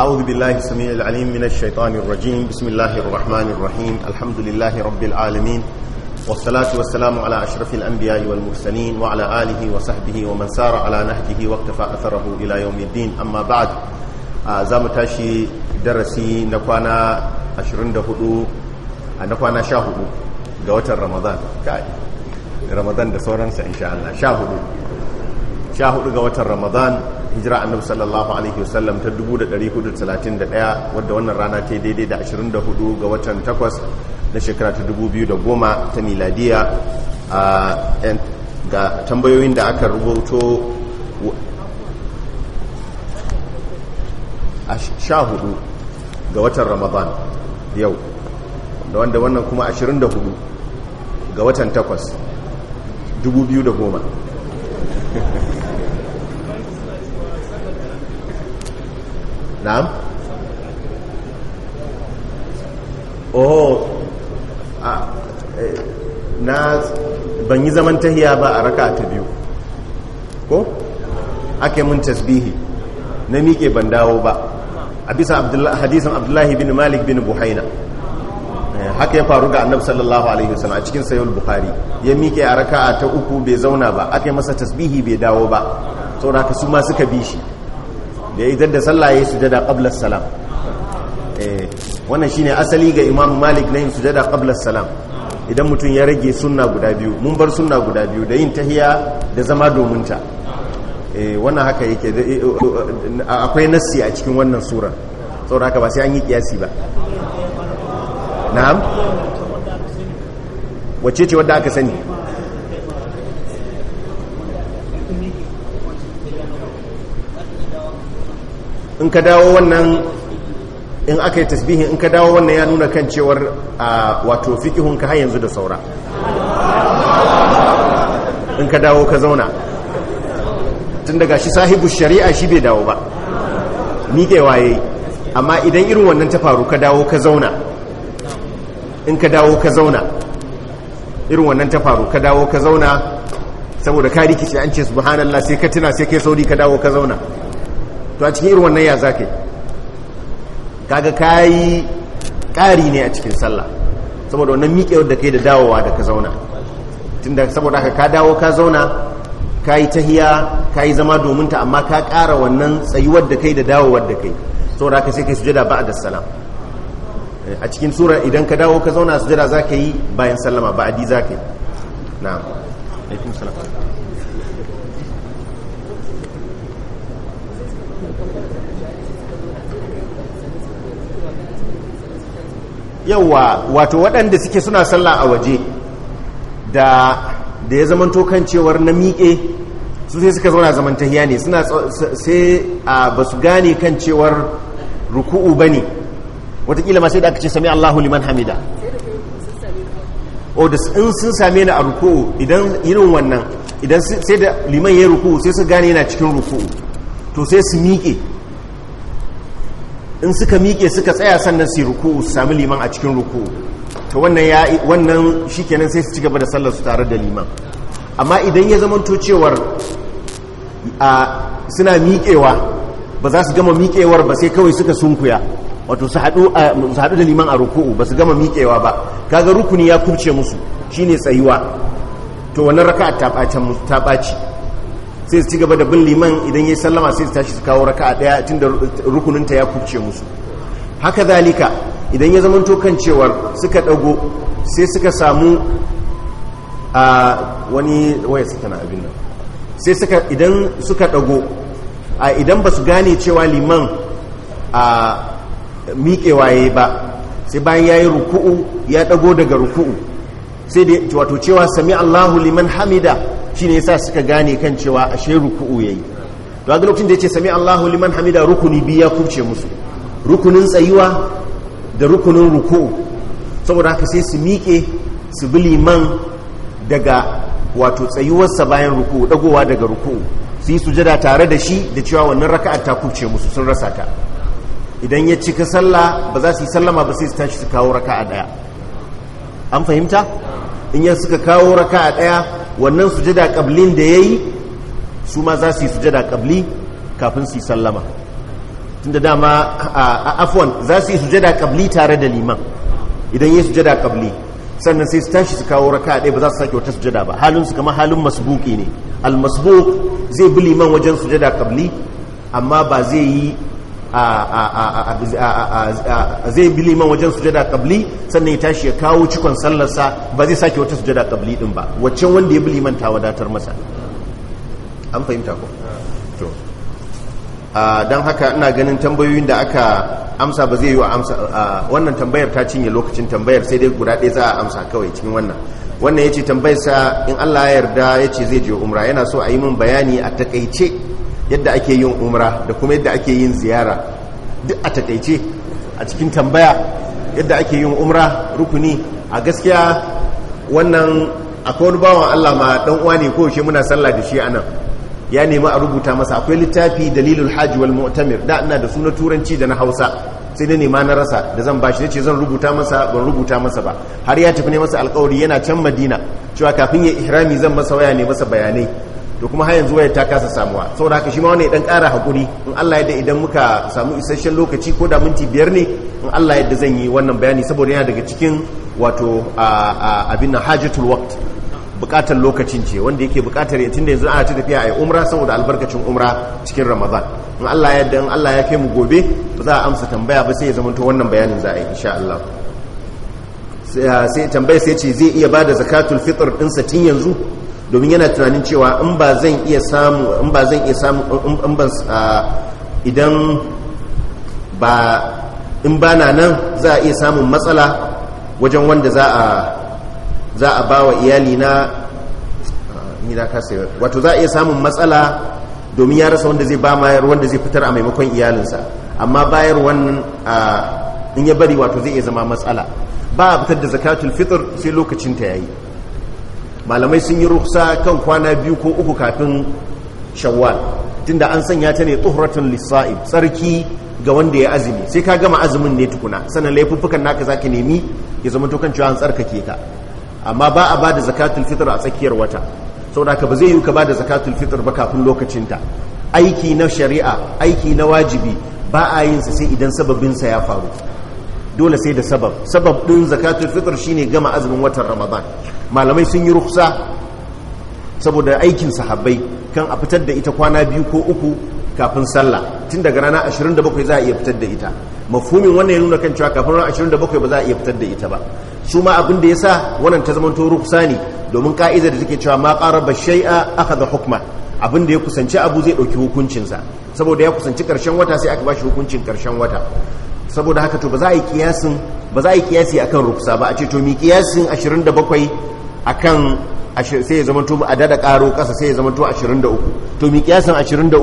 أعوذ بالله السميع العليم من الشيطان الرجيم بسم الله الرحمن الرحيم الحمد لله رب العالمين والصلاة والسلام على أشرف الأنبياء والمرسلين وعلى آله وصحبه ومن سار على نهجه واقتفى أثره إلى يوم الدين أما بعد زام تاشي درسي نقوانا أشرن دهدو نقوانا شاهدو قوة رمضان رمضان دسورا إن شاء الله شاهدو شاهدو قوة رمضان hijira annabi sallallahu alaihi wasallam ta 1431 wadda wannan rana ta daidai da 24 ga watan 8 na shekara ta 2010 ta miladiya a ga tambayoyin da aka rubuto a 14 ga watan ramadan yau da wanda wannan kuma 24 ga watan 8 2010 نعم oh eh, na ban yi zaman tahiya ba a raka ta biyu ko ake mun tasbihi na miƙe ban dawo ba a bisa hadisan abdullahi bin malik bin buhaina eh, haka ya faru ga annabi sallallahu alaihi wasallam a cikin sayyid bukhari ya miƙe a raka'a ta uku bai zauna ba aka yi masa tasbihi bai dawo ba saboda ka su ma suka bi shi da ya da sallah ya sujada ƙablar salam eh, wannan shine asali ga imam malik na yin sujada ƙablar salam idan mutum ya rage sunna guda biyu mun bar sunna guda biyu da yin tahiya da zama domin ta eh, wannan haka yake eh, akwai nassi a cikin wannan sura tsoron haka ba sai an yi kiyasi ba na'am wacce ce wadda aka sani in ka dawo wannan in aka yi tasbihin in ka dawo wannan ya nuna kan cewar wato fikihun ka har yanzu da saura in ka dawo ka zauna tun daga shi sahibu shari'a shi bai dawo ba ni ke waye amma idan irin wannan ta faru ka dawo ka zauna in ka dawo ka zauna irin wannan ta faru ka dawo ka zauna saboda ka rikice an ce subhanallah sai ka tuna sai kai sauri ka dawo ka zauna to a cikin irin wannan ya za ka yi kaga ka yi ƙari ne a cikin sallah saboda wannan miƙewar da yi da dawowa da ka zauna tunda saboda haka ka dawo ka zauna ka yi tahiya ka yi zama domin ta amma ka ƙara wannan tsayuwar da kai da dawowar da kai saboda haka sai ka sujada ba da salam a cikin sura idan ka dawo ka zauna sujada za ka yi bayan sallama ba'adi za ka yi na'am alaikum salam yauwa wato waɗanda suke suna sallah a waje da da ya zama kan cewar na miƙe su sai suka zauna zaman tahiya ne suna sai a ba su gane kan cewar ruku'u ba ne watakila ma sai da aka ce sami allahu liman hamida o oh, da in sun same ni a ruku'u idan irin wannan idan sai da liman ya ruku'u sai su gane yana cikin ruku'u to sai su miƙe in suka miƙe suka tsaya sannan su ruku'u su sami liman a cikin ruku'u ta wannan ya wannan shikenan sai su ci gaba da sallar su tare da liman amma idan ya zamanto cewar suna miƙewa ba za su gama miƙewar ba sai kawai suka sunkuya wato su haɗu da liman a ruku'u ba su gama miƙewa ba kaga rukuni ya kubce musu shine tsayuwa to wannan raka'a ta ɓaci sai su ci gaba da bin liman idan ya sallama sai su tashi su kawo raka ɗaya daya da rukuninta ya kubce musu haka zalika idan ya zama tokan cewar suka dago sai suka samu a wani waya suka na abin nan sai suka idan suka dago a idan ba su gane cewa liman a ya ba sai bayan ya yi ruku'u ya dago daga ruku'u sai da wato cewa sami allahu liman hamida shi ya sa suka gane kan cewa ashe ruku'u ya yi to a lokacin da ya ce sami Allahu liman hamida rukuni biyu ya kubce musu rukunin tsayuwa da rukunin ruku'u saboda haka sai su miƙe su bi liman daga wato tsayuwarsa bayan ruku'u dagowa daga ruku'u su yi sujada tare da shi da cewa wannan raka'ar ta kubce musu sun rasa ta idan ya cika sallah ba za su yi sallama ba sai su tashi su kawo raka'a daya an fahimta in ya suka kawo raka'a ɗaya. wannan sujada kablin da ya yi su ma za su yi sujada kabli kafin su yi sallama tunda dama a afon za su yi sujada kabli tare da liman idan yayi sujada kabli sannan sai su tashi su kawo raka ɗaya ba za su sake wata sujada ba halin su kama halin masbuki ne al zai bi liman wajen sujada kabli amma ba zai yi zai bi liman wajen sujada kabli sannan ya tashi ya kawo cikon sallarsa ba zai sake wata sujada kabli din ba waccan wanda ya bi liman ta wadatar masa an fahimta ko to don haka ina ganin tambayoyin da aka amsa ba zai yi wa amsa wannan tambayar ta cinye lokacin tambayar sai dai guda ɗaya za a amsa kawai cikin wannan wannan ya ce tambayarsa in allah ya yarda ya ce zai je umra yana so a yi min bayani a takaice yadda ake yin umra da kuma yadda ake yin ziyara duk a takaice a cikin tambaya yadda ake yin umra rukuni a gaskiya wannan akwai wani bawan Allah ma dan uwa ne ko shi muna sallah da shi anan ya nemi a rubuta masa akwai littafi dalilul hajji wal mu'tamir da ina da sunan turanci da na Hausa sai ne nema na rasa da zan bashi nace zan rubuta masa ban rubuta masa ba har ya tafi ne masa alƙawari yana can Madina cewa kafin ya ihrami zan masa waya ne masa bayanai to kuma har yanzu ta kasa samuwa saboda haka shi ma wani dan ƙara hakuri in Allah yadda idan muka samu isasshen lokaci ko da minti biyar ne in Allah yadda zan yi wannan bayani saboda yana daga cikin wato abin nan hajjatul waqt bukatar lokacin ce wanda yake bukatar yatin da yanzu ana ta tafiya yi umra saboda albarkacin umra cikin ramadan in Allah yadda in Allah ya kai mu gobe ba za a amsa tambaya ba sai ya zama wannan bayanin za a yi insha Allah sai tambaya sai ce zai iya bada zakatul fitr sa tun yanzu domin yana tunanin cewa in ba zan iya samu in ba zan iya samu in ban ah, idan ba in ba na nan za a iya samun matsala wajen wanda za a za a ba wa iyali na ah, ni na kasa wato za a iya samun matsala domin ya rasa wanda zai ba mayar wanda zai fitar a maimakon iyalinsa amma bayar wannan ah, in ya bari wato zai iya zama matsala ba a fitar da zakatul fitr sai lokacin ta yayi malamai sun yi ruksa kan kwana biyu ko uku kafin shawwal tunda an sanya ta ne tuhratun lissa'i tsarki ga wanda ya azumi sai ka gama azumin ne tukuna sannan laifuffukan naka zaki nemi ya zama tokan cewa an tsarkake ka amma ba a bada zakatul fitr a tsakiyar wata saboda ka ba zai yi ka bada zakatul fitr ba kafin lokacin ta aiki na shari'a aiki na wajibi ba a yin sa sai idan sababin sa ya faru dole sai da sabab sabab din zakatul fitr shine gama azumin watan ramadan malamai sun yi ruksa saboda aikin sahabbai kan a fitar da ita kwana biyu ko uku kafin sallah tun daga rana 27 za a iya fitar da ita mafumin wannan ya nuna kan cewa kafin rana 27 ba za a iya fitar da ita ba su ma abin da ya sa wannan ta zamanto ruksa ne domin ka'ida da take cewa ma ba shai'a aka ga hukma abin da ya kusanci abu zai ɗauki hukuncinsa saboda ya kusanci ƙarshen wata sai aka bashi hukuncin ƙarshen wata saboda haka to ba za a yi kiyasin ba za a yi kiyasi akan ruksa ba a ce to mi kiyasin 27 akan sai ya zama to a dada karo kasa sai ya zama to 23 to mi kiyasan 23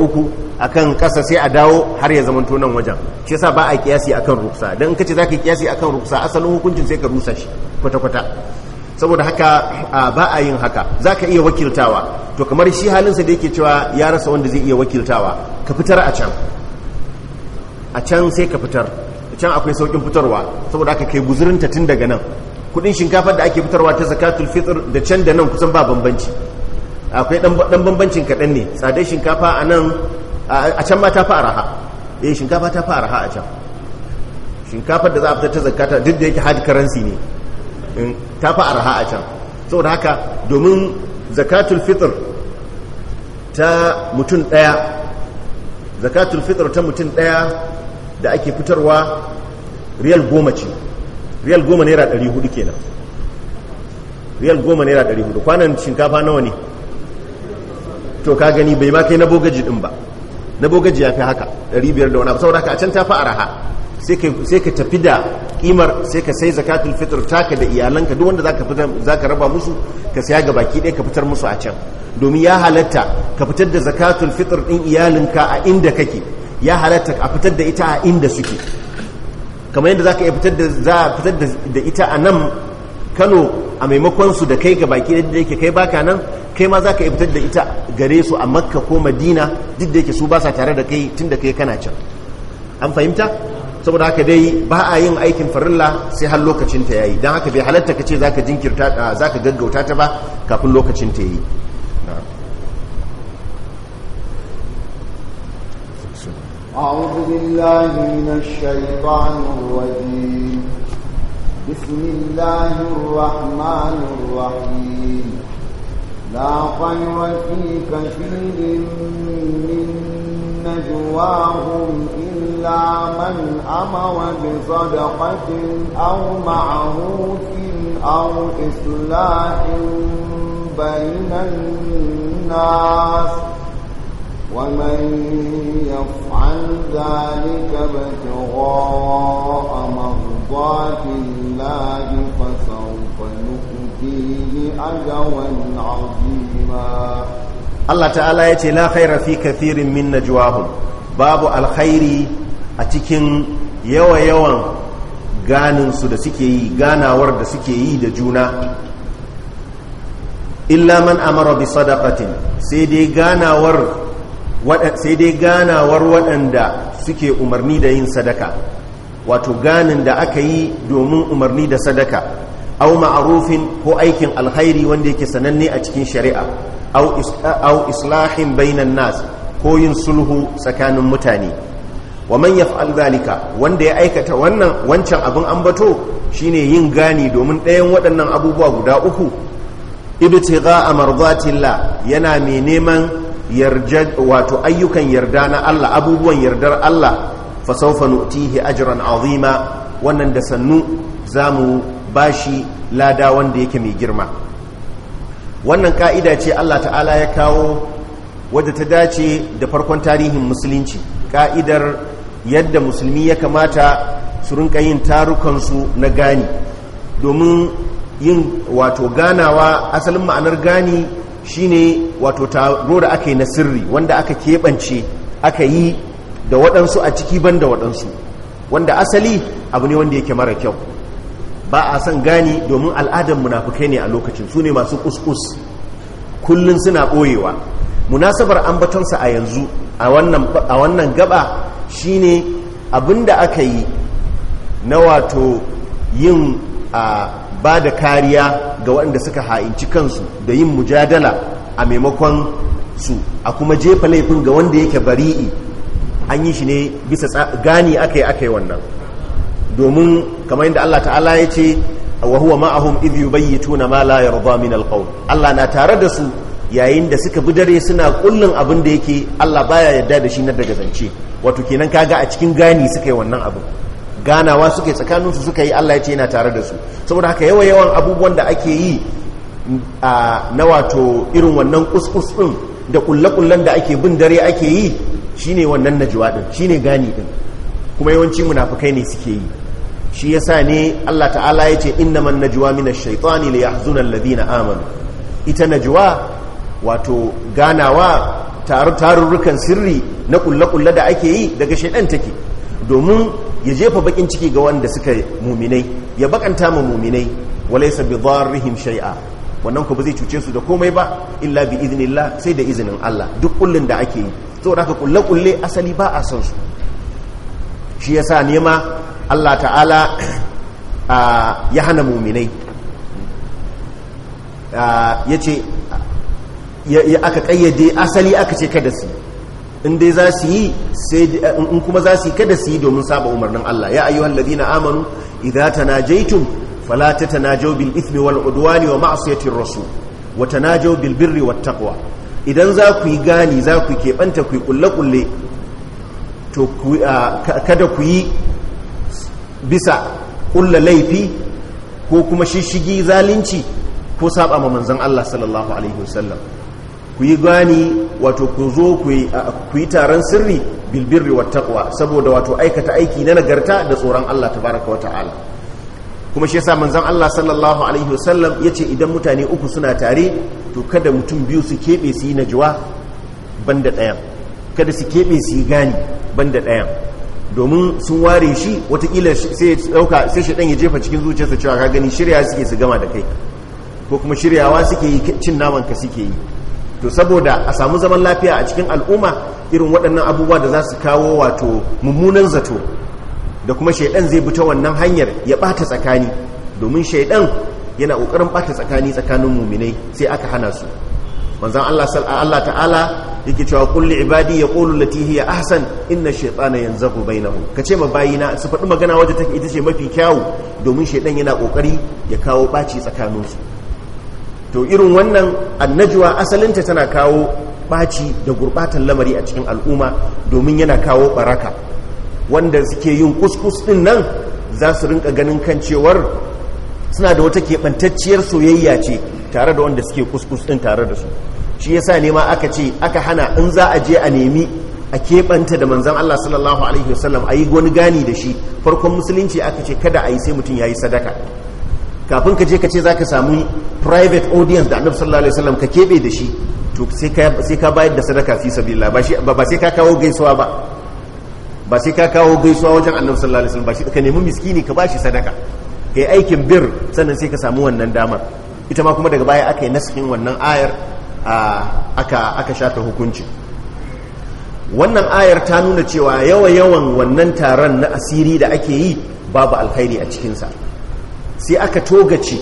akan kasa sai a dawo har ya zama nan wajen shi yasa ba a kiyasi akan ruksa don in ka zaka kiyasi akan ruksa asalin hukuncin sai ka rusa shi kwata kwata saboda haka ba a yin haka za ka iya wakiltawa to kamar shi halinsa da yake cewa ya rasa wanda zai iya wakiltawa ka fitar a can a can sai ka fitar can akwai saukin fitarwa saboda aka kai guzurinta tun daga nan kudin shinkafar da ake fitarwa ta zakatul fitr da can da nan kusan ba bambanci akwai dan bambancin kaɗan ne tsadar shinkafa a nan a can ma ta fi araha eh shinkafa ta fi araha a can shinkafar da za a fitar ta zakata duk da yake hard currency ne ta fi araha a can saboda haka domin zakatul fitr ta mutum ɗaya zakatul fitr ta mutum ɗaya da ake fitarwa riyal goma ce riyal goma naira ɗari hudu kenan riyal goma naira ɗari hudu kwanan shinkafa nawa ne to ka gani bai ma kai na bogaji ɗin ba na bogaji ya fi haka ɗari biyar da wani abu saboda ka a can ta fi araha sai ka tafi da kimar sai ka sai zakatul fitr taka da iyalanka duk wanda za ka raba musu ka saya ga baki ɗaya ka fitar musu a can domin ya halatta ka fitar da zakatul fitr ɗin iyalinka a inda kake ya halatta a fitar da ita a inda suke kamar yadda za ka iya fitar da ita a nan kano a maimakon su da kai ga baki da yake kai baka nan kai ma za ka iya fitar da ita gare su a makka ko madina duk da yake su ba sa tare da kai tun da kai kana can an fahimta saboda haka dai ba a yin aikin farilla sai har lokacin ta yayi don haka bai halatta ka ce za ka jinkirta za ka gaggauta ta ba kafin lokacin ta yayi بالله من الشيطان الرجيم بسم الله الرحمن الرحيم لا خير في كثير من نجواهم إلا من أمر بصدقة أو معروف أو إصلاح بين الناس ومن يفعل ذلك ابتغاء مرضات الله فسوف نؤتيه أجرا عظيما الله تعالى يتي لا خير في كثير من نجواهم babu alkhairi a cikin yawa-yawan ganinsu da suke yi ganawar da suke yi da juna illa man amara bi sadaqatin sai dai ganawar sai dai ganawar waɗanda suke umarni da yin sadaka wato ganin da aka yi domin umarni da sadaka au ma'arufin ko aikin alkhairi wanda yake sananne a cikin shari'a au islahin bainan nas ko yin sulhu tsakanin mutane wa man yaf'al zalika wanda ya aikata wannan wancan abin an ambato shine yin gani domin ɗayan waɗannan abubuwa guda uku ibtigha amardatillah yana mai neman wato ayyukan yarda na Allah abubuwan yardar Allah fasaufa nutihi ajran azima wannan da sannu za mu bashi lada wanda yake mai girma wannan ka'ida ce Allah ta'ala ya kawo wadda ta dace da farkon tarihin musulunci ka'idar yadda musulmi ya kamata su rinka yin tarukansu na gani domin yin wato ganawa asalin ma'anar gani shine wato taro da aka yi na sirri wanda aka keɓance aka yi da waɗansu a ciki ban da waɗansu wanda asali abu ne wanda yake mara kyau ba a son gani domin al'adar munafukai ne a lokacin su ne masu kuskus kullum suna ɓoyewa munasabar ambatonsa a yanzu a wannan gaba shine da aka yi na wato yin a ba da kariya ga waɗanda suka ha'inci kansu da yin mujadala a maimakon su a kuma jefa laifin ga wanda yake bari'i an yi shi ne bisa gani aka yi aka yi wannan domin kamar yadda Allah ta'ala ya ce wa huwa ma'ahum idh tuna ma la yarda min alqawl Allah na tare da su yayin da suka bi dare suna kullun abin da yake Allah baya yarda da shi na daga zance wato kenan kaga a cikin gani suka yi wannan abin ganawa suke tsakaninsu suka yi Allah ya ce yana tare da su saboda haka yawa yawan abubuwan da ake yi na wato irin wannan kuskus din da kullakullan da ake bin dare ake yi shine wannan najwa din shine gani din kuma yawanci munafikai ne suke yi shi yasa ne Allah ta'ala ya ce innaman najwa minash shaitani liyahzuna alladhina amanu ita najwa wato ganawa tarurrukan sirri na kullakulla da ake yi daga shaidan take domin ya jefa bakin ciki ga wanda suka muminai ya bakanta ma muminai walaysa bi dharrihim shay'a wannan ku ba zai cuce su da komai ba illa bi iznillah sai da izinin Allah duk kullun da ake yi saboda haka kulle kulle asali ba a san su shi yasa nema Allah ta'ala ya hana muminai ya aka kayyade asali aka ce kada su in dai za su yi eh, in kuma za su yi kada su yi domin saba umarnin Allah ya ayyuhal ladina amanu idza tanajaytum fala tatanajaw bil ithmi wal udwani wa ma'siyati rasul wa tanajaw bil birri wat taqwa idan za ku yi gani za ku keɓanta ku yi kulle-kulle to ah, kada ku yi bisa kulla laifi ko kuma shishigi zalunci ko saba ma manzon Allah sallallahu alaihi wasallam ku yi gani wato ku zo ku yi taron sirri bilbirri wa taƙwa saboda wato aikata aiki na nagarta da tsoron Allah tabaraka wa ta'ala kuma shi yasa manzan Allah sallallahu alaihi wasallam yace idan mutane uku suna tare to kada mutum biyu su keɓe su yi ban banda ɗayan kada su keɓe su yi gani banda ɗayan domin sun ware shi watakila sai ɗauka sai shi ɗan ya jefa cikin zuciyarsa cewa ka gani shirya suke su gama da kai ko kuma shiryawa suke yi cin naman ka suke yi to saboda a samu zaman lafiya a cikin al'umma irin waɗannan abubuwa da za su kawo wato mummunan zato da kuma shaidan zai bi ta wannan hanyar ya ɓata tsakani domin shaidan yana ƙoƙarin ɓata tsakani tsakanin muminai sai aka hana su manzan Allah ta'ala yake cewa kulli ibadi ya ƙolu latihi ya ahsan inna bai yanzahu Ka ce ma bayina su faɗi magana wajen take ita ce mafi kyawu domin shaidan yana ƙoƙari ya kawo ɓaci tsakaninsu to irin wannan annajuwa asalinta tana kawo ɓaci da gurɓatan lamari a cikin al'umma domin yana kawo ɓaraka wanda suke yin kuskus ɗin nan za su rinka ganin kan cewar suna da wata keɓantacciyar soyayya ce tare da wanda suke kuskus ɗin tare da su shi yasa ne ma aka ce aka hana in za a je a nemi a keɓanta da manzan Allah sallallahu alaihi wasallam a yi wani gani da shi farkon musulunci aka ce kada a yi sai mutum ya yi sadaka kafin ka je ka ce za ka samu private audience da annabi sallallahu alaihi wasallam ka keɓe da shi to sai ka bayar da sadaka fi sabilillah ba ba sai ka kawo gaisuwa ba ba sai ka kawo gaisuwa wajen annabi sallallahu alaihi wasallam ba shi ka nemi miskini ka bashi sadaka kai aikin bir sannan sai ka samu wannan damar ita ma kuma daga baya aka yi naskin wannan ayar aka aka shafa hukunci wannan ayar ta nuna cewa yawa yawan wannan taron na asiri da ake yi babu alkhairi a cikinsa sai aka togace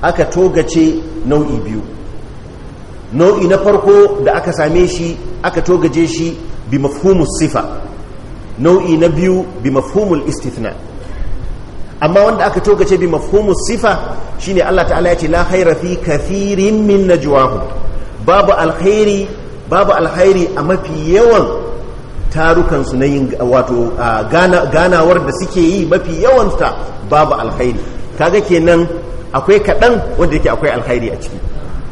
aka togace nau'i biyu nau'i na farko da aka same shi aka togace shi bi mafhumus sifa nau'i na biyu bi mafhumul istithna amma wanda aka togace bi mafhumus sifa shine Allah ta'ala ya ce la khaira fi kathirin min najwahum babu alkhairi babu alkhairi a mafi yawan tarukansu na yin wato ganawar da suke yi mafi yawanta babu alkhairi kaga kenan akwai kaɗan wanda yake akwai alkhairi a ciki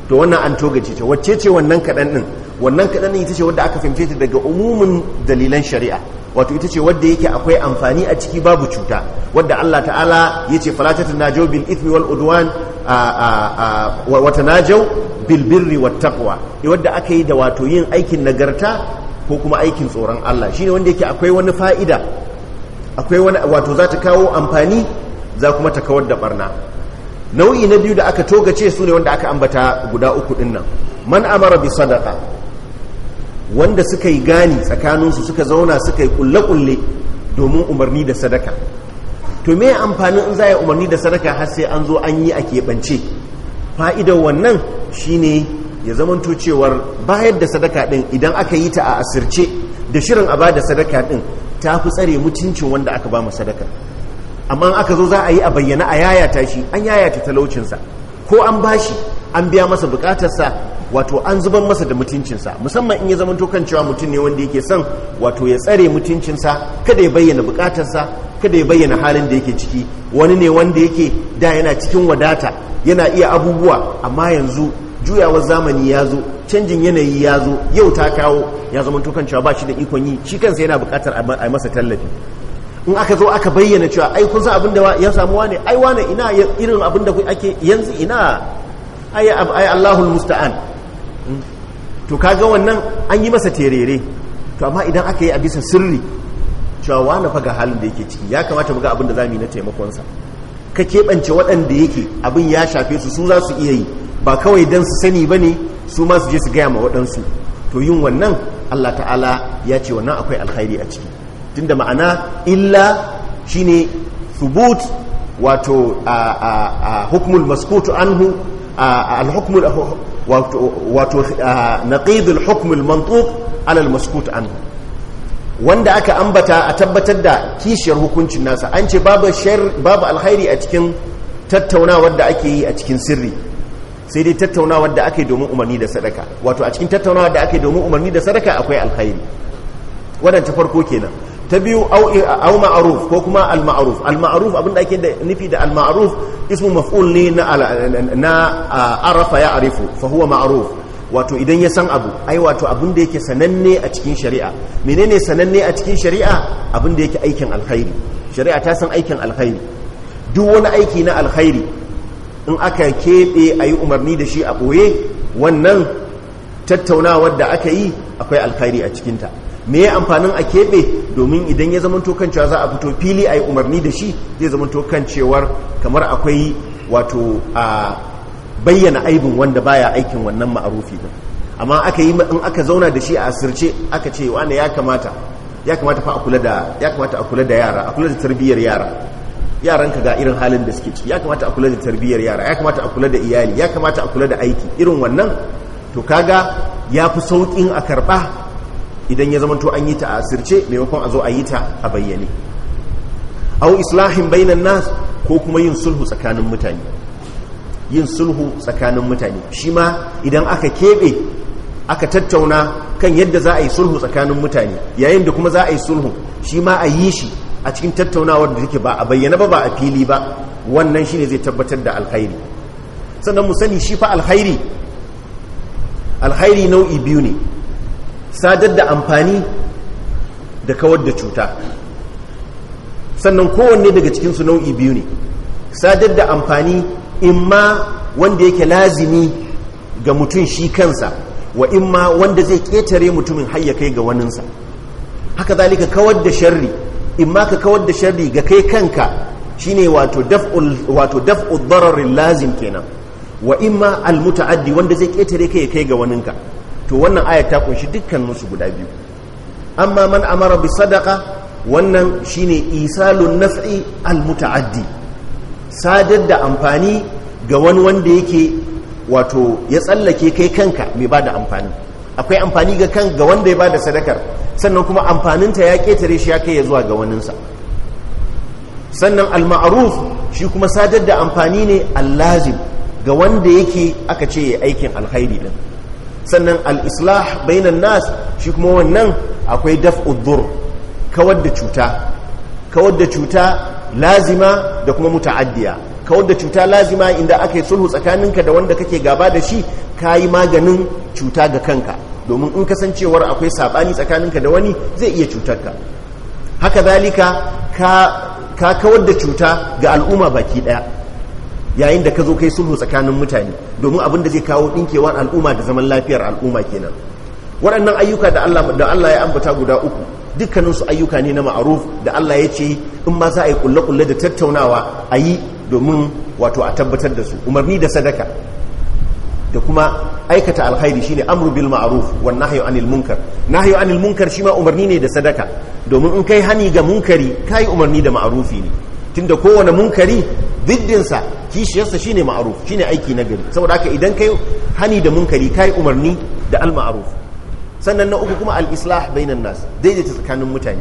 to wannan an togace ta wacce ce wannan kaɗan ɗin wannan kaɗan ita ce wadda aka fahimce ta daga umumin dalilan shari'a wato ita ce wadda yake akwai amfani a ciki babu cuta wadda Allah ta'ala ya ce falatatu najau bil ithmi wal udwan wata najau bil birri wat taqwa wadda aka yi da wato yin aikin nagarta ko kuma aikin tsoron Allah shine wanda yake akwai wani fa'ida akwai wani wato za ta kawo amfani za kuma ta kawar da barna nau'i na biyu da aka togace su ne wanda aka ambata guda uku din nan man amara bi sadaqa wanda suka yi gani tsakaninsu suka zauna suka yi kulle-kulle domin umarni da sadaka to me amfani in za a umarni da sadaka har sai an zo an yi a keɓance fa'idar wannan shine ya zamanto cewar bayar da sadaka din idan aka yi ta a asirce da shirin a bada sadaka din ta fi tsare mutuncin wanda aka ba mu sadaka amma aka zo za a yi a bayyana a yayata shi an yayata talaucinsa ko an bashi an biya masa bukatarsa wato an zuban masa da mutuncinsa musamman in ya zama kan cewa mutum ne wanda yake son wato ya tsare mutuncinsa kada ya bayyana bukatarsa kada ya bayyana halin da yake ciki wani ne wanda yake da yana cikin wadata yana iya abubuwa amma yanzu juyawar zamani ya zo canjin yanayi ya zo yau ta kawo ya zama tukan cewa ba shi da ikon yi shi kansa yana bukatar a masa tallafi in aka zo aka bayyana cewa ai kun san abin da ya samu wane ai wane ina irin abin da ake yanzu ina ai ai Allahul musta'an hmm? to kaga wannan an yi masa terere to amma idan aka yi a bisa sirri cewa wane fa ga halin da yake ciki ya kamata mu ga abin da zamu yi na taimakon sa ka keɓance waɗanda yake abin ya shafe su su za su iya yi ba kawai don su sani ba ne su ma su je su gaya ma waɗansu to yin wannan allah ta'ala ya ce wannan akwai alkhairi a ciki tunda ma'ana illa shine thubut wato a maskutu anhu alhukmul wato naqidul hukmul mantuq alal maskut anhu wanda aka ambata a tabbatar da kishiyar hukuncin nasa an ce babu alkhairi a cikin tattaunawar da ake yi a cikin sirri sai dai tattaunawar da ake domin umarni da sadaka wato a cikin tattaunawar da ake domin umarni da sadaka akwai alkhairi wadanta farko kenan ta biyu au ma'aruf ko kuma al-ma'aruf al abinda ake nufi da al-ma'aruf ismu maf'ul ne na arafa ya arifu fa huwa ma'aruf wato idan ya san abu ai wato abin da yake sananne a cikin shari'a menene sananne a cikin shari'a abin da yake aikin alkhairi shari'a ta san aikin alkhairi duk wani aiki na alkhairi in aka keɓe a yi umarni da shi a ɓoye wannan tattaunawar da aka yi akwai alkhairi a cikinta me ya amfanin a keɓe domin idan ya zama tokancewa za a fito fili a yi umarni da shi zai zama kan kamar akwai wato a bayyana aibin wanda baya aikin wannan ma'arufi ba. amma aka yi in aka zauna da shi a asirce aka ce wane ya kamata ya kamata fa a kula da a kula da yara a kula da tarbiyyar yara yaran ka ga irin halin da suke ciki ya kamata a kula da tarbiyyar yara ya kamata a kula da iyali ya kamata a kula da aiki irin wannan to kaga ya fi sauƙin a karɓa idan ya zama to an yi ta a asirce maimakon a zo a yi ta a bayyane au islahin bainan nas ko kuma yin sulhu tsakanin mutane yin sulhu tsakanin mutane shi ma idan aka keɓe aka tattauna kan yadda za a yi sulhu tsakanin mutane yayin da kuma za a yi sulhu shi ma a yi shi a cikin tattaunawar da take ba a bayyana ba ba a fili ba wannan shine zai tabbatar da alkhairi sannan mu sani shi fa alkhairi alkhairi nau'i biyu ne sadar da amfani da kawar da cuta sannan kowanne daga cikin su nau'i biyu ne sadar da amfani imma wanda yake lazimi ga mutum shi kansa wa imma wanda zai ƙetare mutumin hayya kai ga waninsa haka zalika kawar da sharri In ma ka kawar da sharri ga kai kanka shine wato wato dararin lazim kenan wa in ma almuta'addi wanda zai ketare kai kai ga waninka to wannan aya ta kunshi dukkan musu guda biyu amma man amara bi sadaqa wannan shine isalun naf'i almuta'addi sadar da amfani ga wani wanda yake wato ya tsallake kai kanka mai bada amfani akwai amfani ga kan ga wanda ya bada sadakar sannan kuma amfaninta ya ketare shi ya kai ya zuwa ga waninsa sannan al-ma'ruf shi kuma sadar da amfani ne al-lazim ga wanda yake aka ce ya aikin alkhairi din sannan al-islah bainan nas shi kuma wannan akwai daf'ud dur kawar da cuta kawar da cuta lazima da kuma muta'addiya kawar da cuta lazima inda aka yi sulhu tsakaninka da wanda kake gaba da shi ka yi maganin cuta ga kanka domin in kasancewar akwai sabani tsakaninka da wani zai iya cutar ka haka zalika ka kawar da cuta ga al'umma baki daya yayin da ka zo kai sulhu tsakanin mutane domin abin da zai kawo ɗinkewar al'umma da zaman lafiyar al'umma kenan waɗannan ayyuka da Allah da Allah ya ambata guda uku dukkanin su ayyuka ne na ma'aruf da Allah ya ce in ma za a yi kulle-kulle da tattaunawa a yi domin wato a tabbatar da su umarni da sadaka da kuma aikata alkhairi shine amru bil ma'ruf wan nahyu anil munkar nahyu anil munkar shi ma umarni ne da sadaka domin in kai hani ga munkari kai umarni da ma'rufi ne tunda kowane munkari diddin sa kishiyarsa shine ma'ruf shine aiki na gari saboda haka idan kai hani da munkari kai umarni da al ma'ruf sannan na uku kuma al islah bainan nas daidaita tsakanin mutane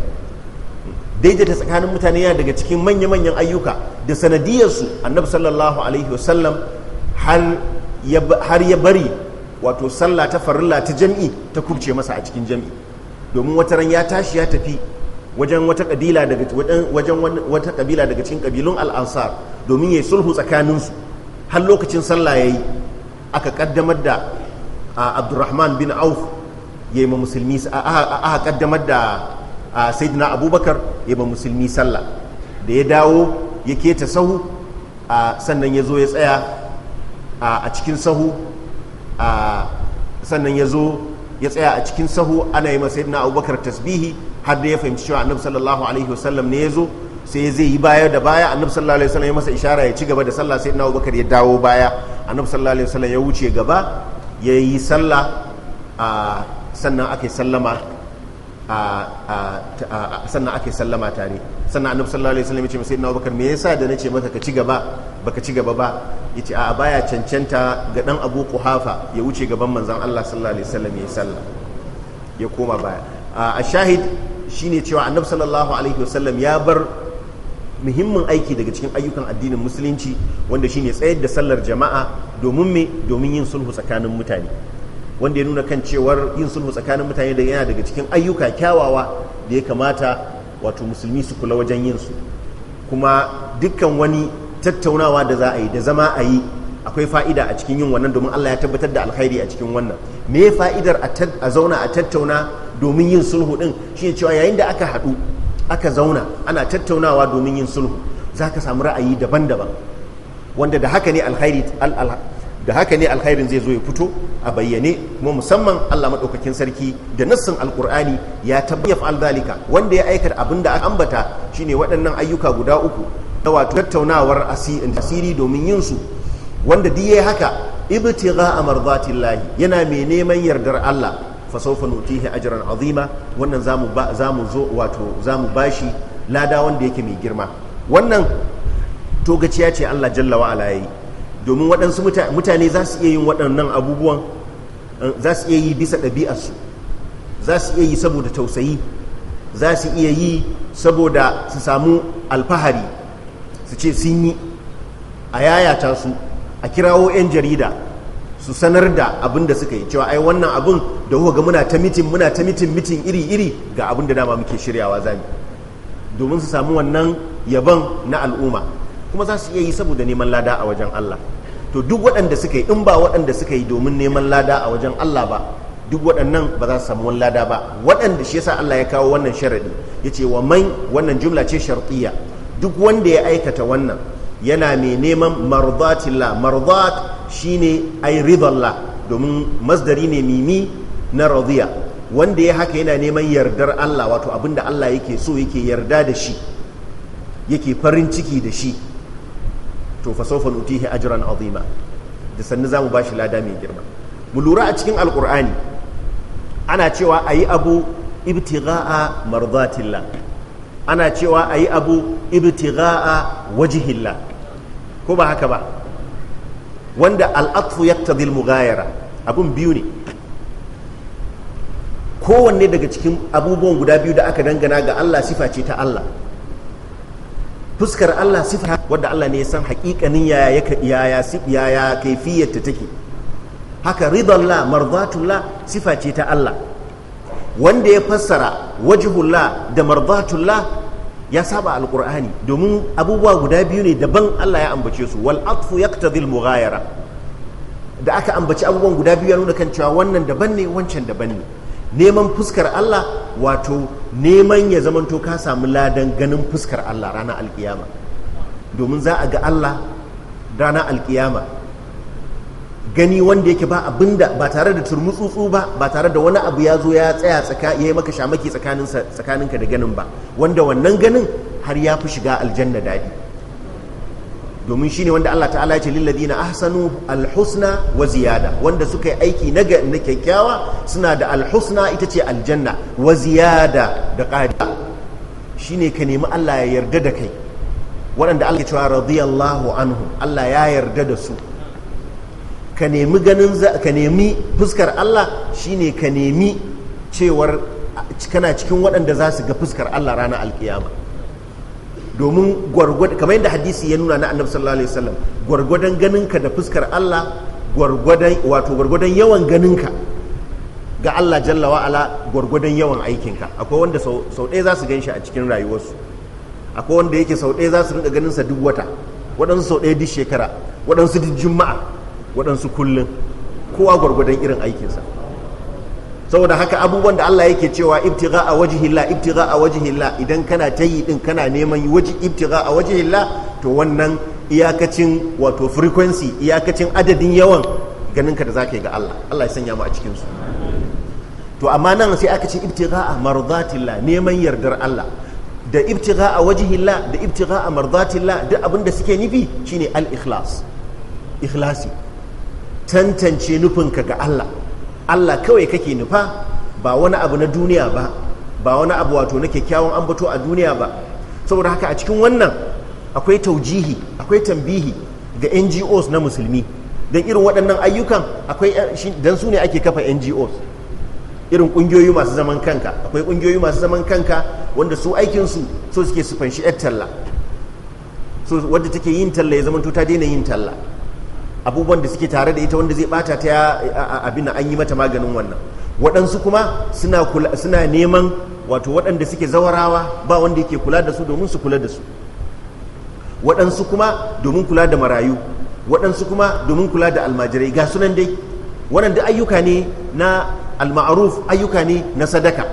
daidaita tsakanin mutane yana daga cikin manya-manyan ayyuka da sanadiyarsu annabi sallallahu alaihi wasallam har har ya bari wato sallah ta farilla ta jam'i ta kubce masa a cikin jam'i domin wata ran ya tashi ya tafi wajen wata kabila daga wajen wata kabila daga cikin kabilun al'ansar domin yayi sulhu tsakaninsu har lokacin sallah yayi aka kaddamar da Abdurrahman bin Auf yayi ma musulmi aka kaddamar da Sayyidina Abubakar yayi ma musulmi sallah da ya dawo ya keta sahu sannan ya zo ya tsaya a cikin sahu sannan ya zo ya tsaya a cikin sahu ana yi masa na abubakar tasbihi har da ya fahimci cewa annabi sallallahu alaihi wasallam ne ya zo sai zai yi baya da baya annabi sallallahu alaihi wasallam ya masa ishara ya ci gaba da sallah sai na abubakar ya dawo baya annabi sallallahu alaihi wasallam ya wuce gaba ya yi sallah sannan aka yi sallama sannan ake sallama tare sannan annabi sallallahu alaihi wasallam ya ce masa sayyidina Abubakar me yasa da nace maka ka ci gaba baka ci gaba ba yace a baya cancanta ga dan Abu Quhafa ya wuce gaban manzon Allah sallallahu alaihi wasallam ya salla ya koma baya a shahid shine cewa annabi sallallahu alaihi wasallam ya bar muhimmin aiki daga cikin ayyukan addinin musulunci wanda shine tsayar da sallar jama'a domin me domin yin sulhu tsakanin mutane wanda ya nuna kan cewar yin sulhu tsakanin mutane da yana daga cikin ayyuka kyawawa da ya kamata wato musulmi su kula wajen yin su kuma dukkan wani tattaunawa da za a yi da zama a yi akwai fa'ida a cikin yin wannan domin Allah ya tabbatar da alkhairi a cikin wannan me fa'idar a zauna a tattauna domin yin sulhu din shine cewa yayin da aka haɗu aka zauna ana tattaunawa domin yin sulhu za ka samu ra'ayi daban-daban wanda da haka ne alkhairi. da haka ne alkhairin zai zo ya fito a bayyane kuma musamman Allah madaukakin sarki da nassin alkur'ani ya tabbata fa'al zalika wanda ya aikata abin da aka ambata shine waɗannan ayyuka guda uku da wato tattaunawar asiri domin yin su wanda diye haka ibtigha amrzatillahi yana mai neman yardar Allah fa sawfa nutihi ajran azima wannan zamu ba zamu zo wato zamu bashi lada wanda yake mai girma wannan togaciya ce Allah jalla wa domin waɗansu mutane za su iya yin waɗannan abubuwan eh, za su iya yi bisa ɗabi'arsu za su iya yi saboda tausayi za su iya yi saboda su samu alfahari su ce sun yi a yayata su a kirawo 'yan jarida su sanar da abin da suka yi cewa ai wannan abin da kuka ga muna ta mitin muna ta mitin mitin iri-iri ga abin da dama muke shiryawa zami domin su samu wannan yaban na al'umma kuma za su iya yi saboda neman lada a wajen Allah to duk waɗanda suka yi in ba waɗanda suka yi domin neman lada a wajen Allah ba duk waɗannan ba za su samu lada ba waɗanda shi yasa Allah ya kawo wannan sharadi ya ce wa man wannan jumla ce sharqiya duk wanda ya aikata wannan yana mai neman mardatilla mardat shine ai ridallah domin masdari ne mimi na radiya wanda ya haka yana neman yardar Allah wato abinda Allah yake so yake yarda da shi yake farin ciki da shi to fa sawfa nutihi ajran azima da sannu za mu bashi lada mai girma mu lura a cikin alkur'ani ana cewa ayi abu ibtigha'a mardatillah ana cewa ayi abu ibtigha'a wajhillah ko ba haka ba wanda al'atfu yaqtadi al-mughayara abun biyu ne kowanne daga cikin abubuwan guda biyu da aka dangana ga Allah sifa ce ta Allah fuskar Allah sifa wadda Allah ne ya san hakikanin ya yaya yaya kaifiyarta take haka ridallah mardatullah sifa ce ta Allah wanda ya fassara wajhullah da mardatullah ya saba alqur'ani domin abubuwa guda biyu ne daban Allah ya ambace su wal atfu yaqtadhi al mughayara da aka ambaci abubuwan guda biyu ya nuna kan cewa wannan daban ne wancan daban ne neman fuskar Allah wato neman ya zamanto ka samu ladan ganin fuskar Allah rana alkiyama domin za a ga Allah rana alkiyama gani wanda yake ba abinda ba tare da turmutsutsu ba ba tare da wani abu ya zo ya tsaya tsaka ya yi maka shamaki tsakaninka da ganin ba wanda wannan ganin har ya fi shiga aljanna daɗi domin shine wanda Allah ta'ala ya ce lilladina ahsanu alhusna wa ziyada wanda suka yi aiki na kyakkyawa suna da alhusna ita ce aljanna wa ziyada da ƙari shine ka nemi Allah ya yarda da kai waɗanda Allah ya cewa radiyallahu anhu Allah ya yarda da su ka nemi ganin ka nemi fuskar Allah shine ka nemi cewar kana cikin waɗanda za su ga fuskar Allah ranar alkiyama domin gwargwadon kamar yadda hadisi ya nuna na annabi sallallahu alaihi wasallam gwargwadon ganinka da fuskar Allah gwargwadon wato gwargwadon yawan ganinka ga Allah jalla wa ala gwargwadon yawan aikinka akwai wanda sau ɗaya za su gan shi a cikin rayuwarsu akwai wanda yake sau ɗaya za su rinka ganin sa duk wata waɗansu sau ɗaya duk shekara waɗansu duk juma'a waɗansu kullum kowa gwargwadon irin aikinsa saboda haka abubuwan da Allah yake cewa ibtiga a wajihillah ibtiga a wajihillah idan kana ta yi din kana neman waji ibtiga a wajihillah to wannan iyakacin wato frequency iyakacin adadin yawan ganin ka da zaka yi ga Allah Allah ya sanya mu a cikin su to amma nan sai aka ce ibtiga a mardatillah neman yardar Allah da ibtiga a wajihillah da ibtiga a mardatillah duk abin da suke nufi shine al-ikhlas ikhlasi tantance nufinka ga Allah Allah kawai kake nufa ba wani abu na duniya ba ba wani abu wato na kyakkyawan ambato a duniya ba saboda haka a cikin wannan akwai taujihi akwai tambihi ga NGOs na musulmi don irin waɗannan ayyukan akwai don su ne ake kafa NGOs irin ƙungiyoyi masu zaman kanka akwai ƙungiyoyi masu zaman kanka wanda su aikinsu so suke su fanshi 'yar talla so wadda take yin talla ya zamanto ta daina yin talla abubuwan da suke tare da ita wanda zai bata ta abin an yi mata maganin wannan waɗansu kuma suna neman wato waɗanda suke zawarawa ba wanda yake kula da su domin su kula da su waɗansu kuma domin kula da marayu waɗansu kuma domin kula da almajirai ga sunan dai waɗanda ayyuka ne na alma'aruf ayyuka ne na sadaka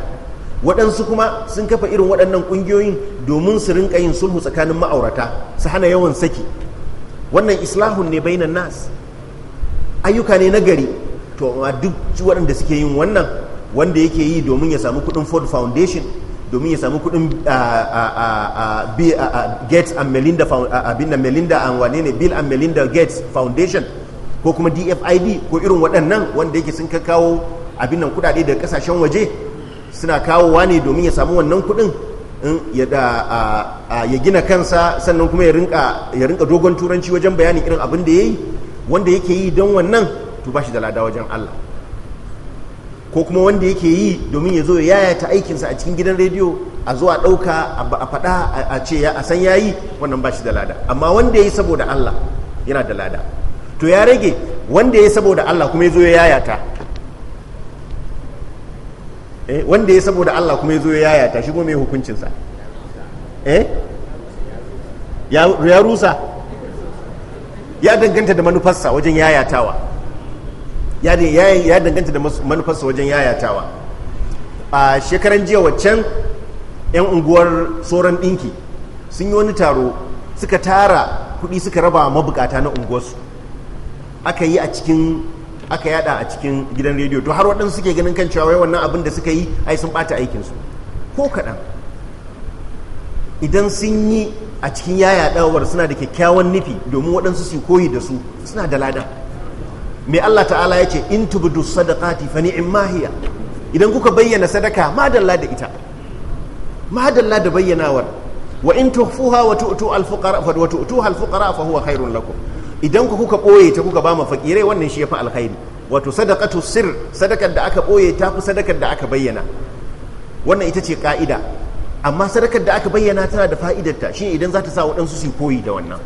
waɗansu kuma sun kafa irin waɗannan ƙungiyoyin domin su rinka yin sulhu tsakanin ma'aurata su hana yawan saki wannan islahun ne bainan nas ayyuka ne na gari to amma duk waɗanda suke yin wannan wanda yake yi domin ya samu kuɗin ford foundation domin ya samu kuɗin gates and melinda abin da melinda and wane ne bill and melinda gates foundation ko kuma dfid ko irin waɗannan wanda yake sun kawo abin nan kudade da kasashen waje suna kawowa ne domin ya samu wannan kuɗin ya gina kansa sannan kuma ya rinka dogon turanci wajen bayanin irin abin da ya yi wanda yake yi don wannan to ba shi da lada wajen Allah ko kuma wanda yake yi domin ya zo ya yayata aikinsa a cikin gidan rediyo a zo a ɗauka a faɗa a ce a san ya yi wannan ba shi da lada amma wanda ya yi saboda Allah yana da lada to ya rage wanda ya yi saboda Allah kuma ya zo ya yayata eh wanda ya saboda Allah kuma ya zo ya yayata shi kuma mai hukuncinsa eh ya rusa ya danganta da manufarsa wajen yayatawa ya danganta da manufarsa wajen yayatawa a shekaran jiya waccan 'yan unguwar tsoron dinki sun yi wani taro suka tara kudi suka raba mabukata na unguwarsu aka yi a cikin aka yada a cikin gidan rediyo to har waɗansu suke ganin kan cewa wai wannan abin da suka yi ai sun ɓata aikinsu ko kaɗan idan sun yi a cikin yayaɗawar suna da kyakkyawan nufi domin waɗansu su koyi da su suna da lada mai Allah ta'ala ya ce in tubdu sadaqati fa ni'ma mahiya. idan kuka bayyana sadaka madalla da ita madalla da bayyanawar wa in tuhfuha wa tu'tu al-fuqara fa huwa khairun lakum idan ku kuka ɓoye ta kuka ba ma fakirai wannan shi ya fi alkhairi wato to sir sadakar da aka ɓoye ta fi sadakar da aka bayyana wannan ita ce ka'ida amma sadakar da aka bayyana tana da fa'idarta shine idan za ta sa waɗansu su koyi da wannan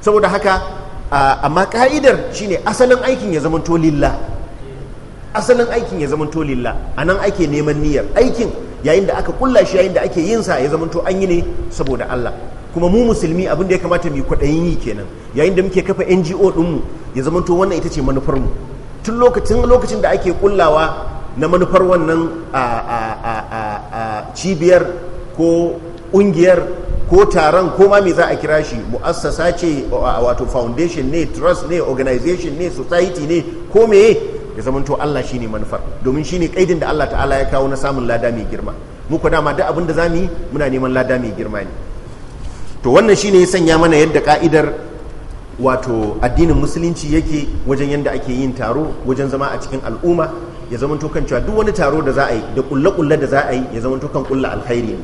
saboda haka amma ka'idar shine asalin aikin ya zama to asalin aikin ya zama to a nan ake neman niyyar aikin yayin da aka kulla shi yayin da ake yin sa ya zama to an yi ne saboda Allah kuma mu musulmi abin da ya kamata mu kwaɗayin yi kenan yayin da muke kafa ngo ɗinmu ya zamanto wannan ita ce manufarmu tun lokacin lokacin da ake kullawa na manufar wannan cibiyar ko ƙungiyar ko taron ko ma me za a kira shi mu'assasa ce wato foundation ne trust ne organization ne society ne ko meye ya zamanto Allah shine manufar domin shine kaidin da Allah ta'ala ya kawo na samun lada mai girma muku dama da abin da za mu yi muna neman lada mai girma ne to wannan shine ya sanya mana yadda ka'idar wato addinin musulunci yake wajen yadda ake yin taro wajen zama a cikin al'umma ya zama to kan cewa duk wani taro da za a yi da kulle-kulle da za a yi ya zama to kan kulla alkhairi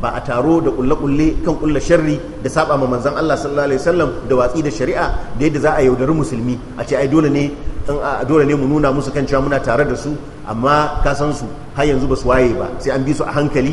ba a taro da kulle-kulle kan kulle sharri da saba ma manzon Allah sallallahu alaihi wasallam da watsi da shari'a da yadda za a yaudari musulmi a ce ai dole ne in a dole ne mu nuna musu kan cewa muna tare da su amma ka san su har yanzu ba su waye ba sai an bi su a hankali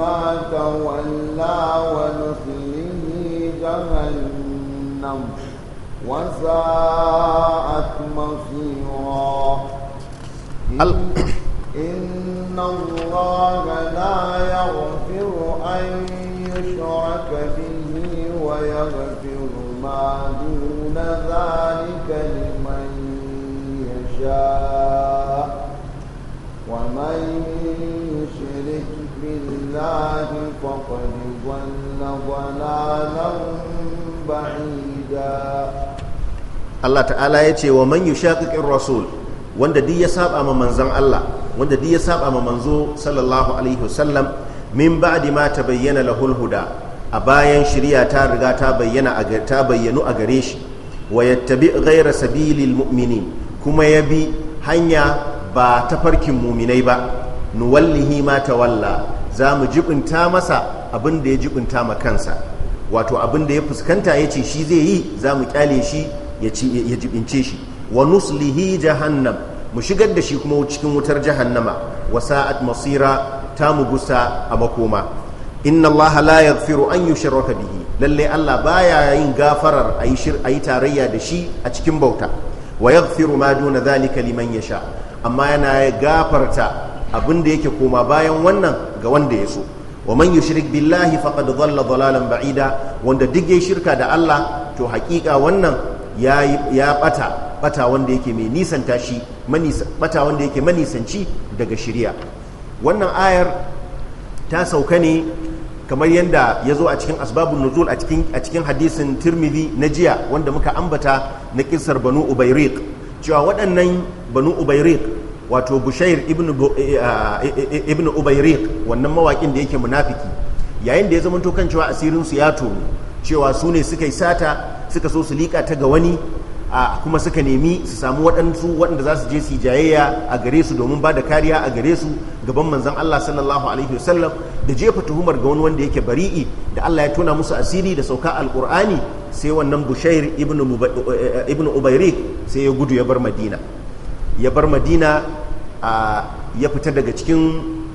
ما تولى ونصله جهنم وساءت مصيرا إن الله لا يغفر أن يشرك به ويغفر ما دون ذلك لمن يشاء ومن يشرك بالله فقد ضل ضلالا بعيدا الله تعالى يتي ومن يشاقق الرسول wanda duk ya saba ma manzon Allah wanda duk ya saba ma manzo sallallahu alaihi wasallam min ba'di ma tabayyana lahul huda a bayan shirya ta riga ta bayyana bayyanu a gare shi wa yattabi gaira sabilil mu'minin kuma ya bi hanya ba ta farkin muminai ba nuwallihi ma ta walla. za mu jibinta masa abin da ya jibinta ma kansa wato abin da ya fuskanta ya ce shi zai yi za mu kyale shi ya jibince shi wa nuslihi jahannam mu shigar da shi kuma cikin wutar jahannama wa sa'at masira ta mu gusa a makoma inna allah la yaghfiru an yushraka bihi lalle allah baya yin gafarar ayi shir yi tarayya da shi a cikin bauta wa yaghfiru ma duna zalika liman sha. amma yana gafarta abin da yake koma bayan wannan ga wanda ya so wa man yushrik billahi faqad dhalla dhalalan ba'ida wanda duk ya shirka da Allah to haƙiƙa wannan ya ya bata bata wanda yake mai nisan tashi bata wanda yake manisanci daga shirya wannan ayar ta sauka ne kamar yadda ya zo a cikin asbabun nuzul a cikin hadisin tirmidhi na jiya wanda muka ambata na kisar banu ubairik cewa waɗannan banu ubairik wato bushair ibn eh, eh, ah, eh, ubairik wannan mawakin da yake munafiki yayin da ya zama tokan kan cewa asirin su ya tono cewa su ne suka yi sata suka so su lika ta ga wani kuma suka nemi su samu waɗansu waɗanda za su je su jayayya a gare su domin ba da kariya a gare su gaban manzan Allah sallallahu alaihi wasallam da jefa tuhumar ga wani wanda yake bari'i da Allah ya tona musu asiri da sauka alkur'ani sai wannan bushair ibn ubairik sai ya gudu ya bar madina ya bar madina ya fita daga cikin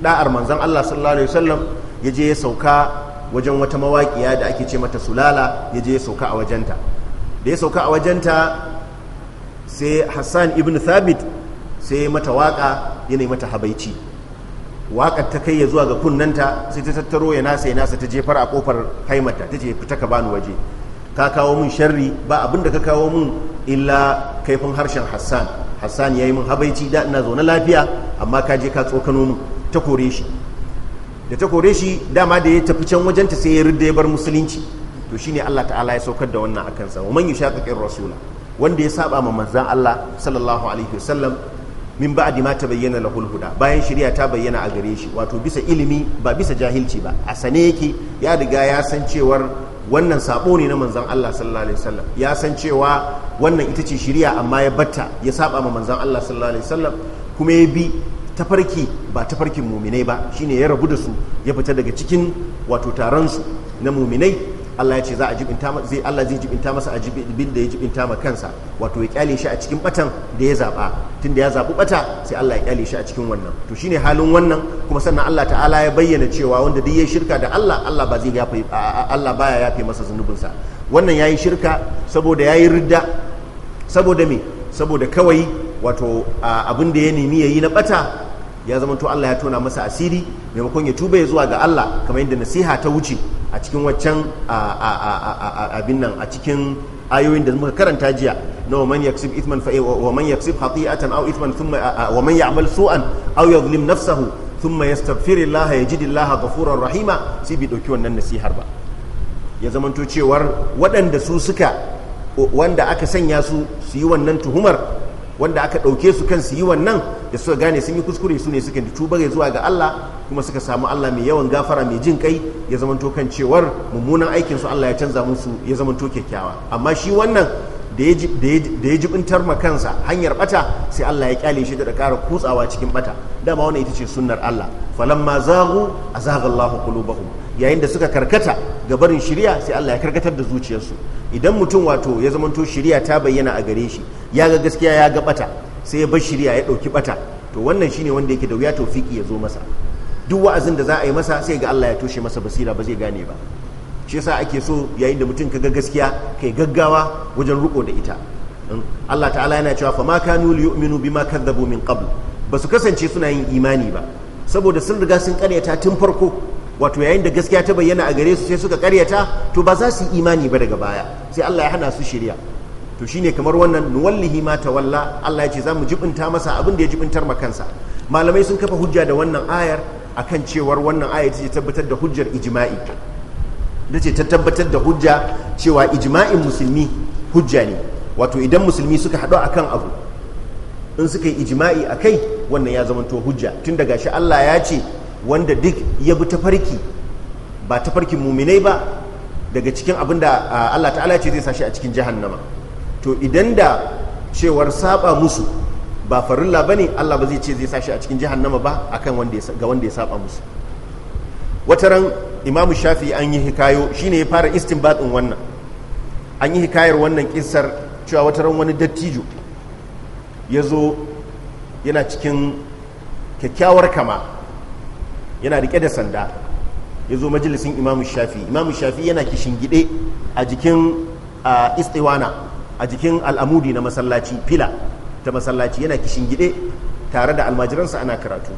da'ar manzan Allah sallallahu alaihi wasallam ya je ya sauka wajen wata mawaƙiya da ake ce mata sulala ya je ya sauka a wajenta da ya sauka a wajenta sai hassan ibn thabit sai mata waƙa ya yana mata habaici waƙar ta kai ya zuwa ga kunnanta sai ta tattaro ya nasa ya nasa ta jefar a kofar haimata ta ce fita ka bani waje ka kawo mun sharri ba abin da ka kawo mun illa kaifin harshen hassan hassan ya yi min habaici da ina zaune lafiya amma ka je ka tsokano min ta kore shi da ta kore shi dama da ya tafi can wajenta sai ya rida ya bar musulunci to shine Allah ta'ala ya saukar da wannan akan sa man yushaqiqir rasula wanda ya saba ma manzon Allah sallallahu alaihi wasallam min ba'di ma tabayyana lahul huda bayan shari'a ta bayyana a gare shi wato bisa ilimi ba bisa jahilci ba a sane yake ya riga ya san cewar wannan sabo ne na manzan Allah sallallahu alaihi wasallam ya san cewa wannan ita ce shiriya amma ya batta ya saba ma manzan Allah sallallahu alaihi wasallam kuma ya bi tafarki ba tafarkin muminai ba shine ya rabu da su ya fita daga cikin wato taron su na muminai Allah ya ce za a jibinta zai Allah zai jibinta masa a jibin da ya jibinta ma kansa wato ya kyale shi a cikin batan da ya zaba tunda ya zabu bata sai Allah ya kyale shi a cikin wannan to shine halin wannan kuma sannan Allah ta'ala ya bayyana cewa wanda duk ya shirka da Allah Allah ba zai yafe Allah baya yafe masa sa wannan yayi shirka saboda yayi ridda saboda me saboda kawai wato abin da ya nemi yayi na bata ya zama to Allah ya tona masa asiri maimakon ya tuba ya zuwa ga Allah kamar yadda nasiha ta wuce a cikin waccan abin nan a cikin ayoyin da muka karanta jiya na waman yaksib ithman fa wa man yaksib khati'atan aw ithman thumma wa man ya'mal su'an aw yadhlim nafsahu thumma yastaghfirullah ga ghafurar rahima sai bi dauki wannan nasihar ba ya zamanto cewar waɗanda su suka wanda aka sanya su su yi wannan tuhumar wanda aka ɗauke su kan su yi wannan da suka gane sun yi kuskure su ne suka tuba zuwa ga Allah kuma suka samu Allah mai yawan gafara mai jin kai ya zamanto kan cewar mummunan aikin su Allah ya canza musu ya zamanto kyakkyawa amma shi wannan da ya jibintar ma kansa hanyar bata sai Allah ya kyale shi da ƙara kutsawa cikin bata dama wani ita ce sunnar Allah falamma a azagha Allah qulubahum yayin da suka karkata ga barin shiriya sai Allah ya karkatar da zuciyarsu idan mutum wato ya zamanto shiriya ta bayyana a gare shi ya ga gaskiya ya ga bata sai ya bar shiriya ya dauki bata to wannan shine wanda yake da wuya tofiki ya zo masa duk wa'azin da za a yi masa sai ga Allah ya toshe masa basira ba zai gane ba shi yasa ake so yayin da mutum kaga gaskiya kai gaggawa wajen riko da ita hmm? Allah ta'ala yana cewa fa ma kanu yu'minu bima kadzabu min qabl ba su kasance suna yin imani ba saboda sun riga sun karyata tun farko wato yayin da gaskiya ta bayyana a gare su sai suka karyata to ba za su yi imani ba daga baya sai Allah ya hana su shirya to shine kamar wannan nuwallihi ma tawalla Allah ya ce zamu mu jibinta masa abin da ya jibintar ma kansa malamai sun kafa hujja da wannan ayar akan cewar wannan ayar ce tabbatar da hujjar ijma'i da ce ta tabbatar da hujja cewa ijma'in musulmi hujja ne wato idan musulmi suka haɗu a kan abu in suka yi ijma'i a kai wannan ya zamanto hujja tun daga shi Allah ya ce wanda duk ya bi tafarki ba tafarkin muminai ba daga cikin abin da Allah ta'ala ce zai sashi a cikin jahannama to idan da cewar saba musu ba farilla ne Allah ba zai ce zai sashi a cikin jahannama ba a wanda ga wanda ya saba musu wataran imamu shafi an yi hikayo shine ya fara istinbatin wannan an yi hikayar wannan kisar cewa wata ran wani dattijo ya zo yana cikin kyakkyawar kama yana rike da sanda ya zo majalisin imamu shafi imamu shafi yana kishingide a jikin istiwana a jikin al'amudi na masallaci fila ta masallaci yana kishin kishingide tare da almajiransa ana karatu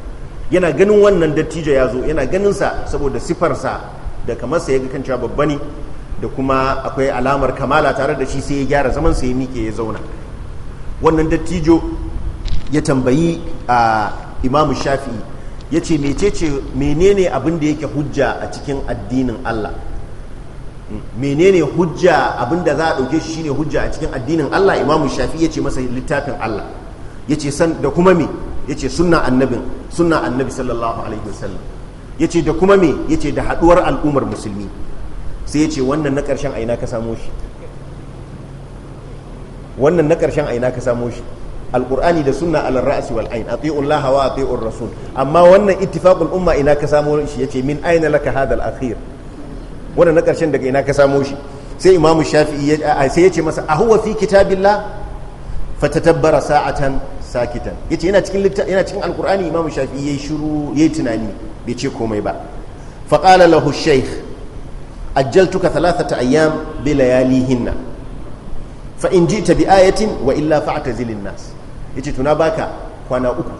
yana ganin wannan dattijo ya zo yana ganin sa saboda sifarsa da kamar sa ya ga kan cewa babba ne da kuma akwai alamar kamala tare da shi sai ya gyara zaman sa ya miƙe ya zauna wannan dattijo ya tambayi a imamu shafi ya ce mecece menene abin da yake hujja a cikin addinin allah hmm, menene hujja abin da za a ɗauke shi shine hujja a cikin addinin allah imamu shafi ya ce masa littafin allah ya ce san da kuma me yace sunna annabin sunna annabi sallallahu alaihi wasallam yace da kuma me yace da haɗuwar al'ummar musulmi sai yace wannan na karshen aina ka samo shi wannan na karshen aina ka samo shi alqur'ani da sunna ala ra'si wal ain ati'u Allah wa ati'u rasul amma wannan ittifaqul umma ina ka samo shi yace min aina laka hadha al akhir wannan na karshen daga ina ka samo shi sai imamu shafi'i sai yace masa a huwa fi kitabillah fatatabbara sa'atan sakitan yace yana cikin yana cikin alqur'ani imam shafi yayi shiru yayi tunani bai ce komai ba fa qala lahu shaykh ajjaltuka thalathata ayyam bi layalihinna fa in ji'ta bi ayatin wa illa fa'tazilin nas yace tuna baka kwana uku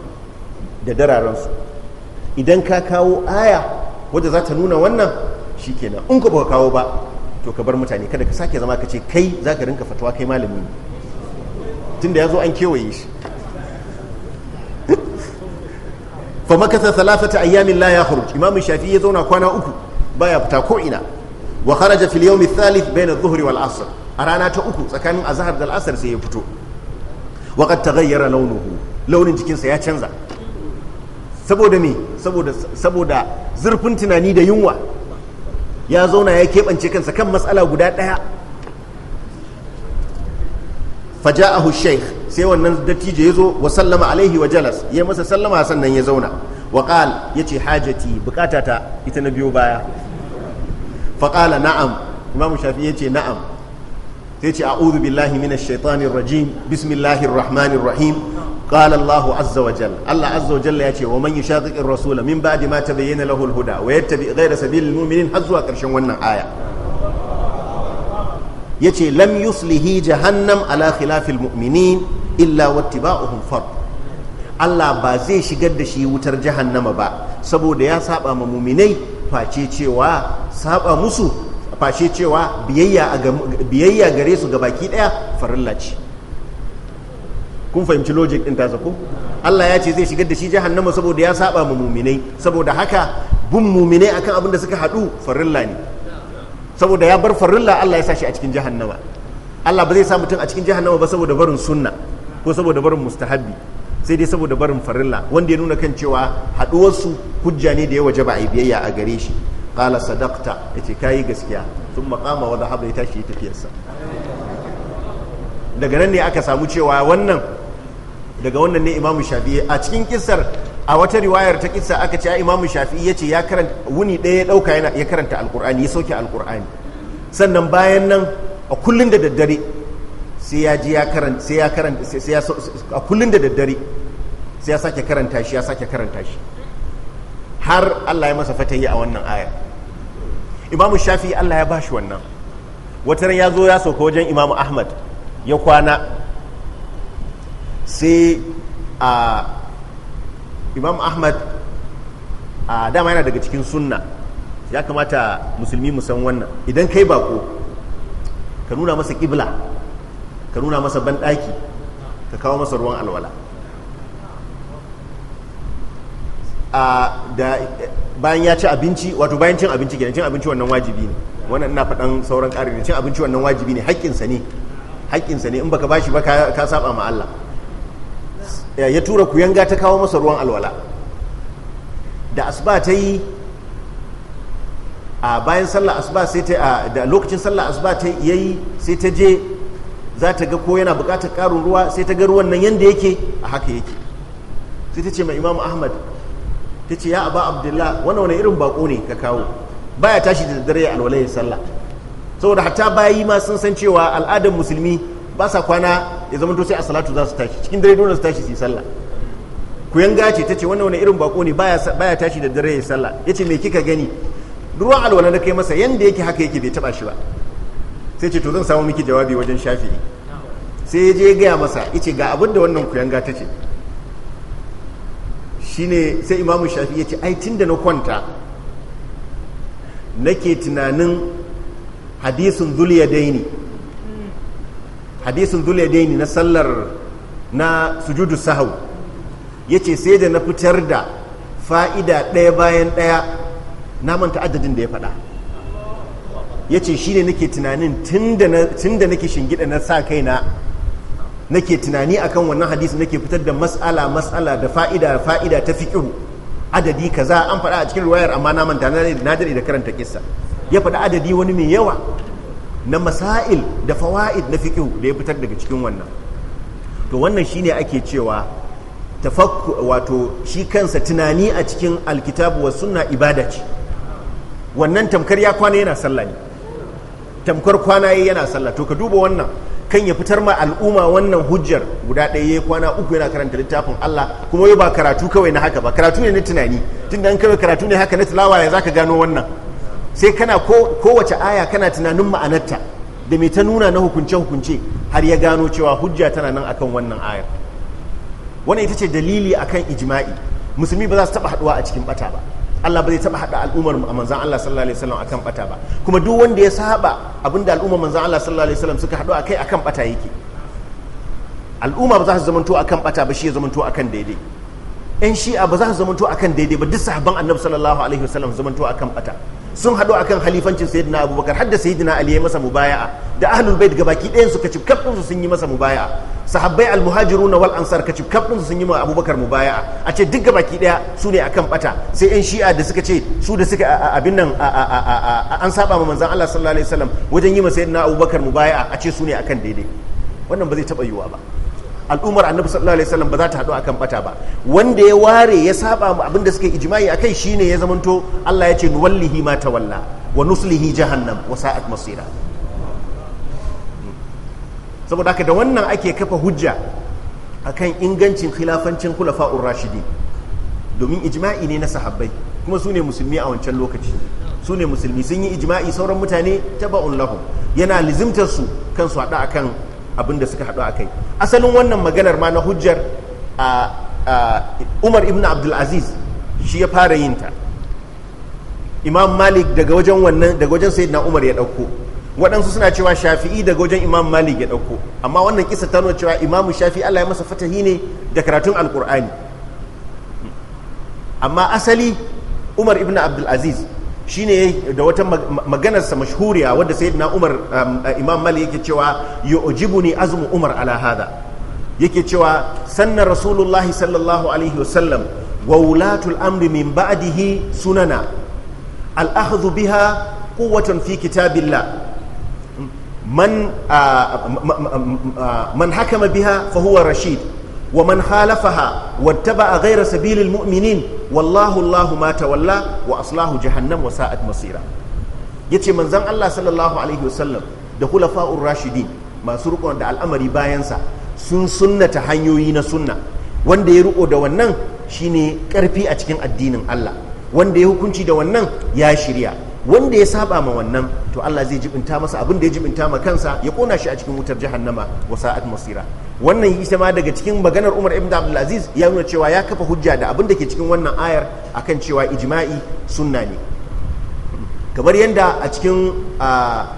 da dararansu idan ka kawo aya wadda za ta nuna wannan shikenan in ka baka kawo ba to ka bar mutane kada ka sake zama ka ce kai za ka rinka fatawa kai malami ne tunda ya zo an kewaye shi fa makasa thalathata ayyamin la ya kharuj imam shafi ya zauna kwana uku baya fita ko ina wa kharaja fil yawm baina thalith bayna adh-dhuhri wal 'asr a rana ta uku tsakanin azhar da al'asar sai ya fito wa qad taghayyara launuhu launin jikinsa ya canza saboda me saboda saboda zurfin tunani da yunwa ya zauna ya keɓance kansa kan matsala guda ɗaya faja'ahu shaykh sai wannan dattijo yazo wa sallama alaihi wa jalas ya masa sallama sannan ya zauna wa qal yace hajati bukatata ita na biyo baya fa qala na'am imamu shafi yace na'am sai ce a'udhu billahi minash shaitanir rajim bismillahir rahmanir rahim قال الله عز وجل الله عز وجل يأتي ومن يشاقق الرسول من بعد ما تبين له الهدى ويتبع غير سبيل المؤمنين حزوا كرشن ونن آية yace lam yuslihi jahannam ala khilafil mu'minin illa wattiba'uhum fard Allah ba zai shigar da shi wutar jahannama ba saboda ya saba ma muminai face cewa saba musu face cewa biyayya gare su gabaki daya farilla ce kun fahimci logic din tasa ko Allah ya ce zai shigar da shi jahannama saboda ya saba ma muminai saboda haka bin muminai akan abin da suka haɗu farilla ne saboda ya bar farilla Allah ya sa shi a cikin jahannama Allah ba zai sa mutum a cikin jahannama ba saboda barin sunna ko saboda barin mustahabbi sai dai saboda barin farilla wanda ya nuna kan cewa haɗuwarsu hujja ne da ya waje ba a biyayya a gare shi qala sadaqta yace kayi gaskiya sun maqama wa dhahaba ya tashi tafiyarsa daga nan ne aka samu cewa wannan daga wannan ne imamu shafi'i a cikin kisar a wata riwayar ta kisa aka ce imamu shafi ya ce ya karanta wuni ɗaya ya ɗauka yana ya karanta alkur'ani ya sauke alkur'ani sannan bayan nan a kullum da daddare sai ya ji ya karanta sai ya karanta sai ya a kullum da daddare sai ya sake karanta shi ya sake karanta shi har Allah ya masa fatayi a wannan aya imamu shafi Allah ya bashi wannan wata ran ya zo ya sauka wajen imamu ahmad ya kwana sai a imam ahmad a dama yana daga cikin sunna ya kamata musulmi musan wannan idan kai bako ka nuna masa kibla ka nuna masa banɗaki ka kawo masa ruwan alwala a da bayan ya ci abinci wato bayan cin abinci gina cin abinci wannan wajibi ne wannan ina faɗan sauran ƙari ne cin abinci wannan wajibi ne haƙƙinsa ne haƙƙinsa ne in baka bashi ba ka saba ma Allah ya tura kuyanga ta kawo masa ruwan alwala da asuba ta yi a bayan sallah asuba sai ta da lokacin sallah asuba ta yayi sai ta je za ta ga ko yana buƙatar ƙarin ruwa sai ta ga ruwan nan yanda yake a haka yake sai ta ce mai imamu ahmad ta ce ya aba abdullah wannan wani irin bako ne ka kawo baya tashi da dare alwala ya sallah saboda hatta bayi ma sun san cewa al'adar musulmi ba sa kwana ya zama to sai a salatu za su tashi cikin dare dole su tashi su yi sallah ku yanga ce ta ce wannan wani irin bako ne baya tashi da dare ya sallah yace ce me kika gani ruwan alwala da kai masa yanda yake haka yake bai taba shi ba sai ce to zan samu miki jawabi wajen shafi sai ya je ya gaya masa ya ce ga abin da wannan ku yanga ta ce shine sai imamu shafi ya ce ai tun da na kwanta nake tunanin hadisin zuliyadaini daini hadisin zuladaini na sallar na sujudu sahau ya ce sai da na fitar da fa'ida ɗaya bayan ɗaya na manta adadin da ya faɗa ya ce shi ne nake tunanin tun da nake shingida na sa kaina nake tunani akan wannan hadisi nake fitar da mas'ala mas'ala da fa'ida fa'ida ta fiƙiru adadi kaza an faɗa a cikin ruwayar amma na manta na da karanta kissa ya faɗa adadi wani mai yawa na masail da fawaid na fiqh da ya fitar daga cikin wannan to wannan shine ake cewa tafakku wato shi kansa tunani a cikin alkitabu wa sunna ibada ce wannan tamkar ya kwana yana sallah ne tamkar kwana yana sallah to ka duba wannan kan ya fitar ma al'umma wannan hujjar guda ɗaya ya kwana uku yana karanta littafin Allah kuma yau ba karatu kawai na haka ba karatu ne na tunani tunda an kawai karatu ne haka na tilawa ya zaka gano wannan sai kana kowace aya kana tunanin ma'anarta da mai ta nuna na hukunce-hukunce har ya gano cewa hujja tana nan akan wannan ayar wannan ita ce dalili akan ijma'i musulmi ba za su taba haduwa a cikin bata ba Allah ba zai taba hada al'ummar manzan Allah sallallahu alaihi wasallam akan bata ba kuma duk wanda ya saba abinda al'ummar manzan Allah sallallahu alaihi wasallam suka hadu akan bata yake al'umma ba za su zamanto akan bata ba shi ya zamanto akan daidai yan shi'a ba za su zamanto akan daidai ba duk sahabban annabi sallallahu alaihi wasallam zamanto akan bata sun haɗu akan halifancin sayyidina abubakar hadda sayyidina ali ya masa mubaya'a da ahlul bait gabaki ɗayan su kacib kafin su sun yi masa mubaya'a sahabbai almuhajiruna wal ansar kacib kafin su sun yi ma abubakar mubaya'a a ce duk gabaki ɗaya su ne akan bata sai yan shi'a da suka ce su da suka abin nan an saba ma manzon Allah sallallahu alaihi wasallam wajen yi ma sayyidina abubakar mubaya'a a ce su ne akan daidai wannan ba zai taɓa yiwuwa ba al'ummar annabi sallallahu alaihi wasallam ba za ta haɗu akan bata ba wanda ya ware ya saba mu abin da suka ijma'i akai shine ya zamanto Allah ya ce nuwallihi ma tawalla wa nuslihi jahannam wa sa'at masira saboda haka da wannan ake kafa hujja akan ingancin khilafancin khulafa'ur rashidin domin ijma'i ne na sahabbai kuma su ne musulmi a wancan lokaci su ne musulmi sun yi ijma'i sauran mutane taba'un lahum yana lizimtar su kansu hada akan abin da suka haɗu a kai asalin wannan maganar ma na hujjar umar ibn abdulaziz shi ya fara yin ta imam malik daga wajen wannan daga wajen na umar ya ɗauko waɗansu suna cewa shafi'i daga wajen imam malik ya ɗauko amma wannan kisa ta nuna cewa imam shafi'i allah ya masa fatahi ne da karatun alkur'ani amma asali umar ibn abdulaziz shine da wata maganarsa mashhuriya wadda sayyidina Umar um, uh, Imam Malik yake cewa yu'jibuni azmu Umar ala hada yake cewa sannan Rasulullah sallallahu alaihi wasallam wa wulatul amri min ba'dihi sunana al akhdhu biha quwwatan fi kitabillah man uh, man hakama biha fa huwa rashid ومن خالفها واتبع غير سبيل المؤمنين والله الله ما تولى وأصلاه جهنم وساءت masira. yace manzon Allah sallallahu alaihi wasallam da khulafa'ur rashidin masu rukun da al'amari bayansa sun sunnata hanyoyi na sunna wanda ya riko da wannan shine karfi a cikin addinin Allah wanda ya hukunci da wannan ya shirya wanda ya saba ma wannan to Allah zai jibinta masa abin da ya jibinta ma kansa ya kona shi a cikin wutar jahannama wa sa'at masira wannan yi ma daga cikin maganar Umar ibn Abdul Aziz ya nuna cewa ya kafa hujja da abin da ke cikin wannan ayar akan cewa ijma'i sunna ne kamar yadda a cikin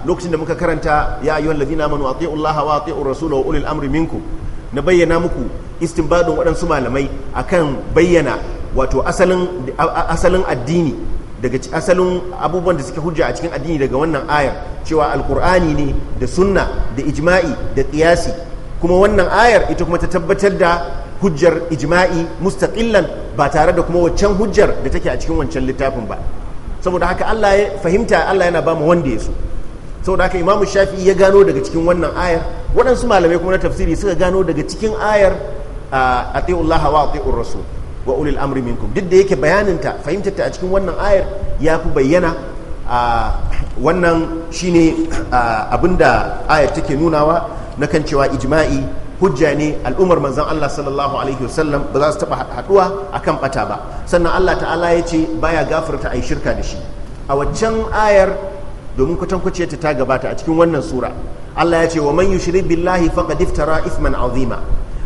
lokacin da muka karanta ya ayyuhal ladina amanu atiiu Allah wa atiiu rasula wa ulil amri minkum na bayyana muku istinbadin waɗansu malamai akan bayyana wato asalin addini daga asalin abubuwan da suke hujja a cikin addini daga wannan ayar cewa alkur'ani ne da sunna da ijma'i da qiyasi kuma wannan ayar ita kuma ta tabbatar da hujjar ijma'i mustaqillan ba tare da kuma waccan hujjar da take a cikin wancan littafin ba saboda haka Allah ya fahimta Allah yana ba mu wanda ya so saboda haka Imam Shafi'i ya gano daga cikin wannan ayar waɗansu malamai kuma na tafsiri suka gano daga cikin ayar a Allah wa ati'ur rasul wa ulil amri minkum duk da yake bayaninta fahimtarta a cikin wannan ayar ya fi bayyana a wannan shine abinda ayar take nunawa na kan cewa ijma'i hujja ne al'ummar manzan Allah sallallahu alaihi wasallam ba za su haɗuwa a akan ɓata ba sannan Allah ta'ala ya ce baya gafarta yi shirka da shi a waccan ayar domin kwatankwaciyar ta gabata a cikin wannan sura Allah ya ce wa man yushrik billahi faqad iftara ithman azima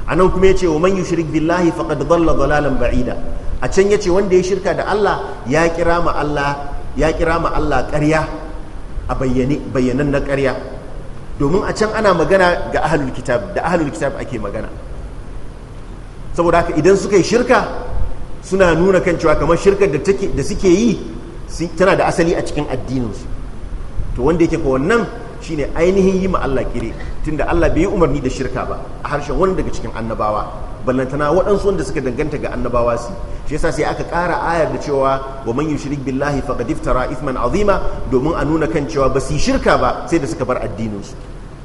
anan kuma yace wa man yushrik billahi faqad dhalla dhalalan ba'ida a can yace wanda ya shirka da Allah ya kira ma Allah ya kira ma Allah ƙarya a bayyane bayyanan na ƙarya domin a can ana magana ga ahlul kitab da ahlul kitab ake magana saboda haka idan suka yi shirka suna nuna kan cewa kamar shirkar da take da suke yi tana da asali a cikin addininsu to wanda yake ko wannan Shi ne ainihin yi ma Allah kire tunda Allah bai yi umarni da shirka ba a harshen wani daga cikin annabawa ballantana waɗansu wanda suka danganta ga annabawa su shi yasa sai aka ƙara ayar da cewa wa man yushrik billahi faqad iftara ithman azima domin a nuna kan cewa ba su shirka ba sai da suka bar addinin su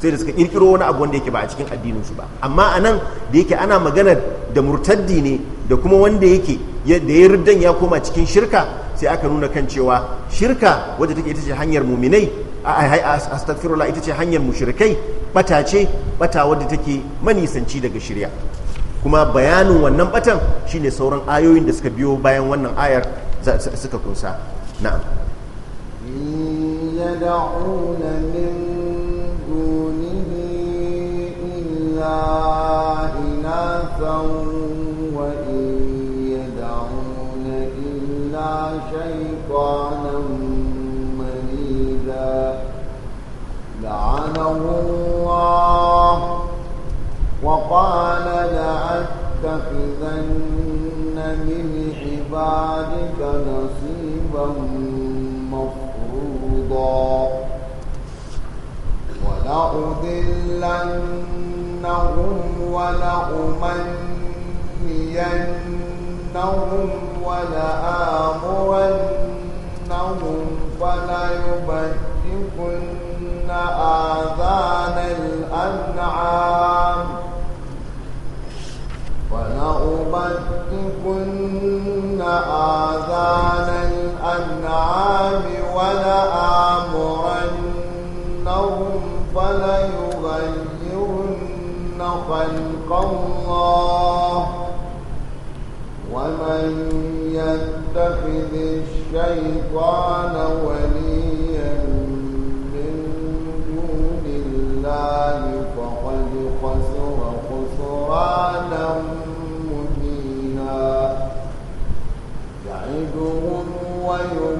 sai da suka kirkiro wani abu wanda yake ba a cikin addinin su ba amma anan da yake ana magana da murtaddi ne da kuma wanda yake da ya riddan ya koma cikin shirka sai aka nuna kan cewa shirka wadda take ita ce hanyar muminai astagfirullah ita ce hanyar mushirikai bata ce bata wadda take manisanci daga shirya kuma bayanin wannan batan shine sauran ayoyin da suka biyo bayan wannan ayar suka kunsa na'am يدعون رحمه الله وقال لأتخذن من عبادك نصيبا مفروضا ولأضلنهم ولأمنينهم ولآمرنهم فليبتكن آذان الأنعام ولأبدكن آذان الأنعام ولآمرنهم فليغيرن خلق الله ومن يتخذ الشيطان ويغيرن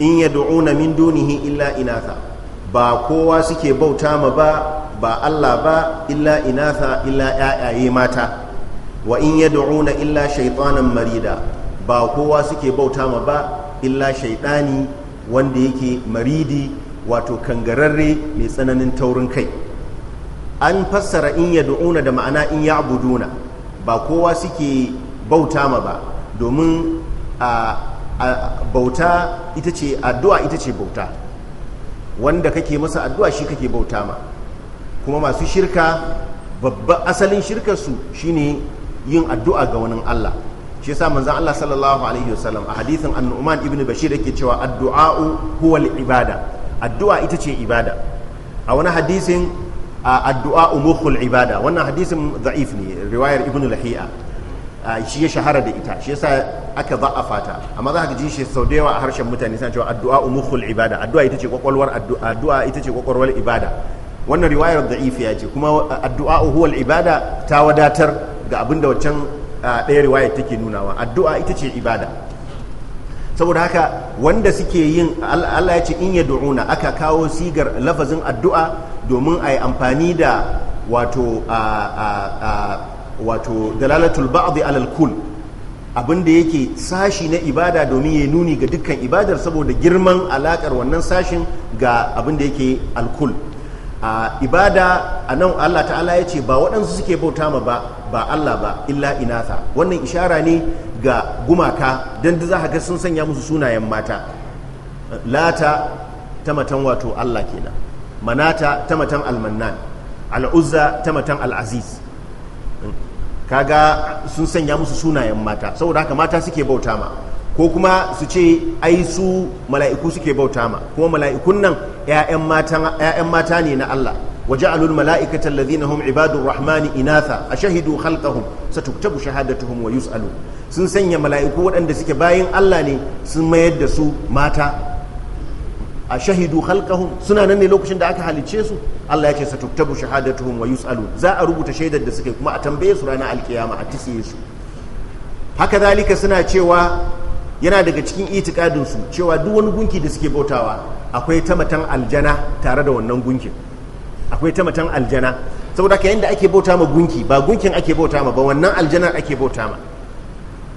in yad'una min dunihi illa inatha ba kowa suke bauta ma ba ba Allah ba illa inatha illa yayaye mata wa in yad'una illa shaytanan marida ba kowa suke bauta ma ba illa shaytani wanda yake maridi wato kangararre mai tsananin taurin kai an fassara in yad'una da ma'ana in ya'buduna ba kowa suke bauta ma ba domin a bauta ita ce addu'a ita ce bauta wanda kake masa addu'a shi kake bauta ma kuma masu shirka babban asalin shirkarsu shine yin addu'a ga wani Allah shi yasa manzon Allah sallallahu alaihi wasallam a hadithin annu'man ibn bashir yake cewa addu'a'u huwal ibada addu'a ita ce ibada a wani hadisin addu'a'u mukhul ibada wannan hadisin za'if ne riwayar ibn lahiya shi ya shahara da ita shi yasa aka za'afa ta amma za ka ji shi sau da yawa a harshen mutane suna cewa addu'a umukhul ibada addu'a ita ce kwakwalwar addu'a ita ce kwakwalwar ibada wannan riwayar ya ce kuma addu'a huwal ibada ta wadatar ga abin da waccan ɗaya riwaya take nunawa addu'a ita ce ibada saboda haka wanda suke yin Allah ya ce in ya du'una aka kawo sigar lafazin addu'a domin a yi amfani da wato a wato dalalatul ba'di alal kul abinda yake sashi na ibada domin ya nuni ga dukkan ibadar saboda girman alakar wannan sashin ga abinda yake alkul a ibada a nan Allah ta'ala ya ce ba waɗansu suke bauta ma ba ba Allah ba illa inatha wannan ishara ne ga gumaka don za ga sun sanya musu sunayen mata lata ta matan wato Allah kenan manata ta matan almannan al'uzza ta matan al'aziz kaga sun sanya musu sunayen mata saboda haka mata suke bauta ma ko kuma su ce ai su mala'iku suke bauta ma kuma mala'ikun nan 'ya'yan mata ne na Allah waje alul وجعلوا hum الذين rahmani inatha a shahidu أشهدوا satuktabu ستكتب wa yus'alu sun sanya mala'iku waɗanda suke bayan Allah ne sun mayar da su mata a shahidu khalqahum suna nan ne lokacin da aka halice su Allah ya ce tuktabu shahadatuhum wa yusalu za a rubuta shaidar da suke kuma a tambaye su ranar alkiyama a tisiye su haka zalika suna cewa yana daga cikin itikadin su cewa duk wani gunki da suke bautawa akwai tamatan aljana tare da wannan gunkin akwai tamatan aljana saboda ka yanda ake bauta ma gunki ba gunkin ake bauta ma ba wannan aljanar ake bauta ma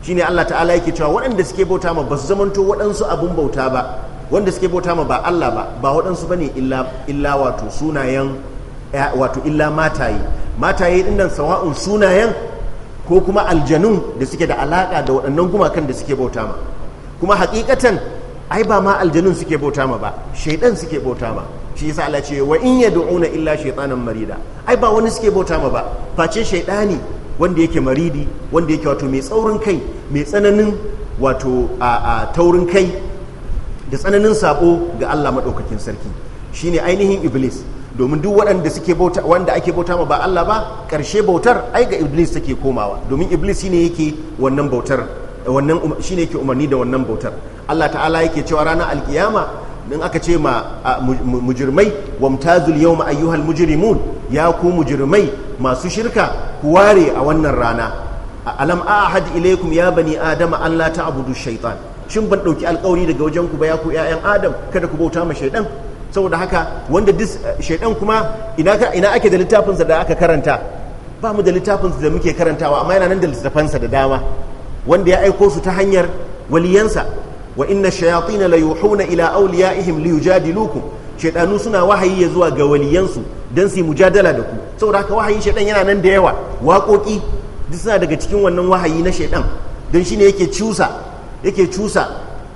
shine Allah ta'ala yake cewa waɗanda suke bauta ma ba su zamanto waɗansu abun bauta ba wanda suke bauta ma ba Allah ba ba waɗansu ba ne illa wato sunayen wato illa mataye mataye ɗin nan sawa'un sunayen ko kuma aljanun da suke da alaƙa da waɗannan gumakan da suke bauta ma kuma hakikatan ai ba ma aljanun suke bauta ma ba shaidan suke bauta ma shi yasa Allah ce wa in yad'una illa shaytanan marida ai ba wani suke bauta ma ba face shaidani wanda yake maridi wanda yake wato mai tsaurin kai mai tsananin wato a taurin kai da tsananin sabo ga Allah maɗaukakin sarki shine ainihin iblis domin duk waɗanda suke bauta wanda ake bauta ma ba Allah ba ƙarshe bautar ai ga iblis take komawa domin iblis shine yake wannan bautar wannan um, shine yake umarni da wannan bautar Allah ta'ala yake cewa ranar alkiyama in aka ce ma mujirmai wamtazul yawma ayyuhal mujrimun ya ku mujirmai masu shirka ku ware a wannan rana alam ahad ilaikum ya bani adama an la ta'budu shaitan shin ban ɗauki alkawari daga wajen ku ba ya ku ƴaƴan adam kada ku bauta ma shaidan saboda haka wanda eh, shaidan kuma ina ina ake da littafinsa da aka karanta ba mu da littafinsa da muke karantawa amma yana nan da littafansa da dama wanda ya aiko su ta hanyar waliyansa wa inna shayatin la yuhuna ila awliyaihim li yujadilukum shaidanu suna wahayi ya zuwa ga waliyansu don su yi mujadala da ku saboda haka wahayin shaidan yana nan da yawa waƙoƙi duk suna daga cikin wannan wahayi na shaidan don shine yake cusa yake cusa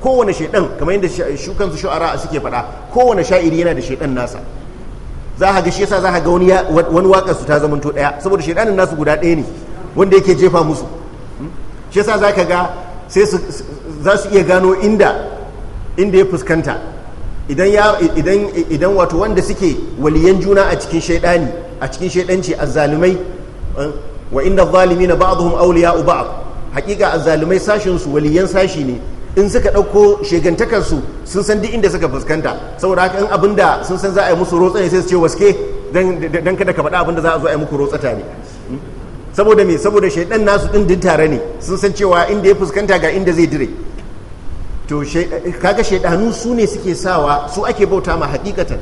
kowane shaidan kamar yadda shukan kansu shu'ara suke faɗa kowane sha'iri yana da shaidan nasa za ga shi yasa za ka ga wani wani waka su ta zamanto daya saboda shaidanin nasu guda ɗaya ne wanda yake jefa musu hmm? shi yasa za ka ga sai za su iya gano inda inda ya fuskanta idan ya idan idan wato wanda suke waliyan juna a cikin shaidani a cikin shaidanci azzalumai hmm? wa inna zalimina ba'dhum awliya'u ba'd hakika azzalumai sashin su waliyan sashi ne in suka ɗauko shegantakar su sun san duk inda suka fuskanta saboda haka in abinda sun san za a yi musu rotsa ne sai su ce waske dan kada ka faɗa abinda za a zo a yi muku rotsata ne saboda me saboda shaidan nasu din din tare ne sun san cewa inda ya fuskanta ga inda zai dire to kaga shaidanu su ne suke sawa su ake bauta ma hakikatan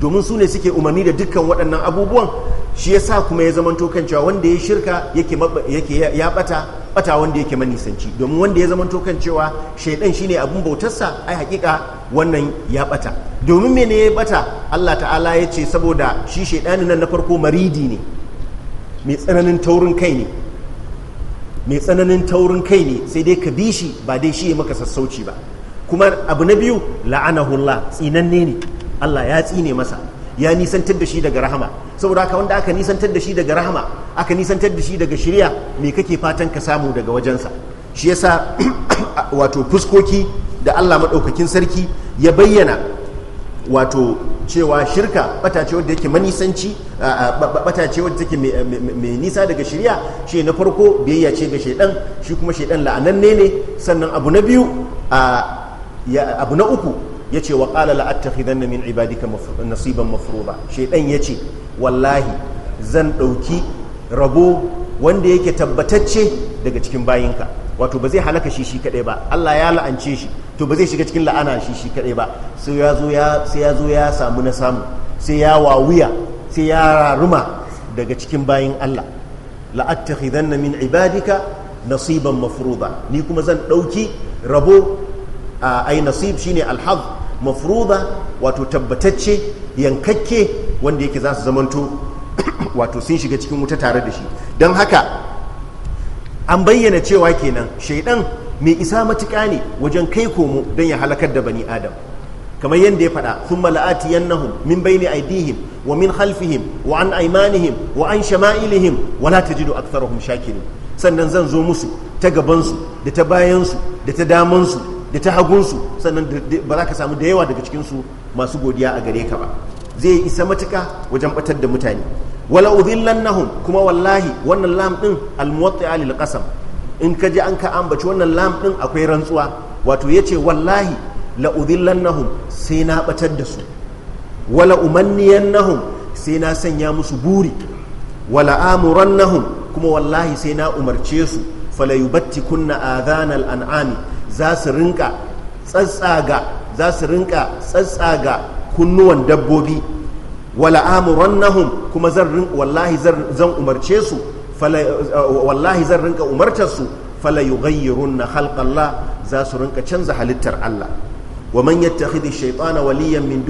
domin su ne suke umarni da dukkan waɗannan abubuwan shi ya sa kuma ya zamanto kan cewa wanda ya shirka yake ya bata bata wanda yake manisanci domin wanda ya zamanto kan cewa shaidan shine abun bautarsa ai hakika wannan ya bata domin mene ya bata Allah ta'ala ya ce saboda shi shaidanin nan na farko maridi ne mai tsananin taurin kai ne mai tsananin taurin kai ne sai dai ka bi shi ba dai shi ya maka sassauci ba kuma abu na biyu la'anahullah tsinanne ne Allah ya tsine masa ya nisantar da shi daga rahama saboda haka wanda aka nisantar da shi daga rahama aka nisantar da shi daga shirya me kake fatan ka samu daga wajensa shi yasa wato fuskoki da Allah maɗaukakin sarki ya bayyana wato cewa shirka bata ce wadda yake manisanci bata ce wadda take mai nisa daga shirya shi na farko biyayya ce ga shaidan shi kuma shaidan la'ananne ne sannan abu na biyu abu na uku yace wa qala la attakhidanna min ibadika nasiban mafruḍa shaydan yace wallahi zan ɗauki rabo wanda yake tabbatacce daga cikin bayinka wato ba zai halaka shi shi kadai ba Allah ya la'ance shi to ba zai shiga cikin la'ana shi shi kadai ba sai ya zo ya sai ya zo ya samu na samu sai ya wawuya sai ya raruma daga cikin bayin Allah la attakhidanna min ibadika nasiban mafruḍa ni kuma zan ɗauki rabo ai nasib shine alhadh mafuruza wato tabbatacce yankakke wanda yake za su zamanto wato sun shiga cikin wuta tare da shi don haka an bayyana cewa kenan shaidan mai isa matuƙa ne wajen kai komo don ya halakar da bani adam kamar yadda ya faɗa sun mala'ati yannahum min bayni aidihim wa min halfihim wa an aimanihim wa an shama'ilihim wa la tajidu aktharahum shakirin sannan zan zo musu ta gabansu da ta bayansu da ta damansu da ta hagunsu sannan ba za ka samu da yawa daga cikinsu masu godiya a gare ka ba zai isa matuka wajen batar da mutane wala udhillannahum kuma wallahi wannan lam din almuwatti'a alil qasam in ka ji an ka ambaci wannan lam din akwai rantsuwa wato yace wallahi la udhillannahum sai na batar da su wala umanniyannahum sai na sanya musu buri wala amurannahum kuma wallahi sai na umarce su falayubattikunna adhanal an'ami za su rinka tsatsaga za su rinka tsatsaga kunnuwan dabbobi wala amurannahum kuma zan wallahi zan umarce su wallahi zan rinka umartar su fala yughayyirunna khalqallah za su rinka canza halittar Allah wa man yattakhidhi shaytana waliyan min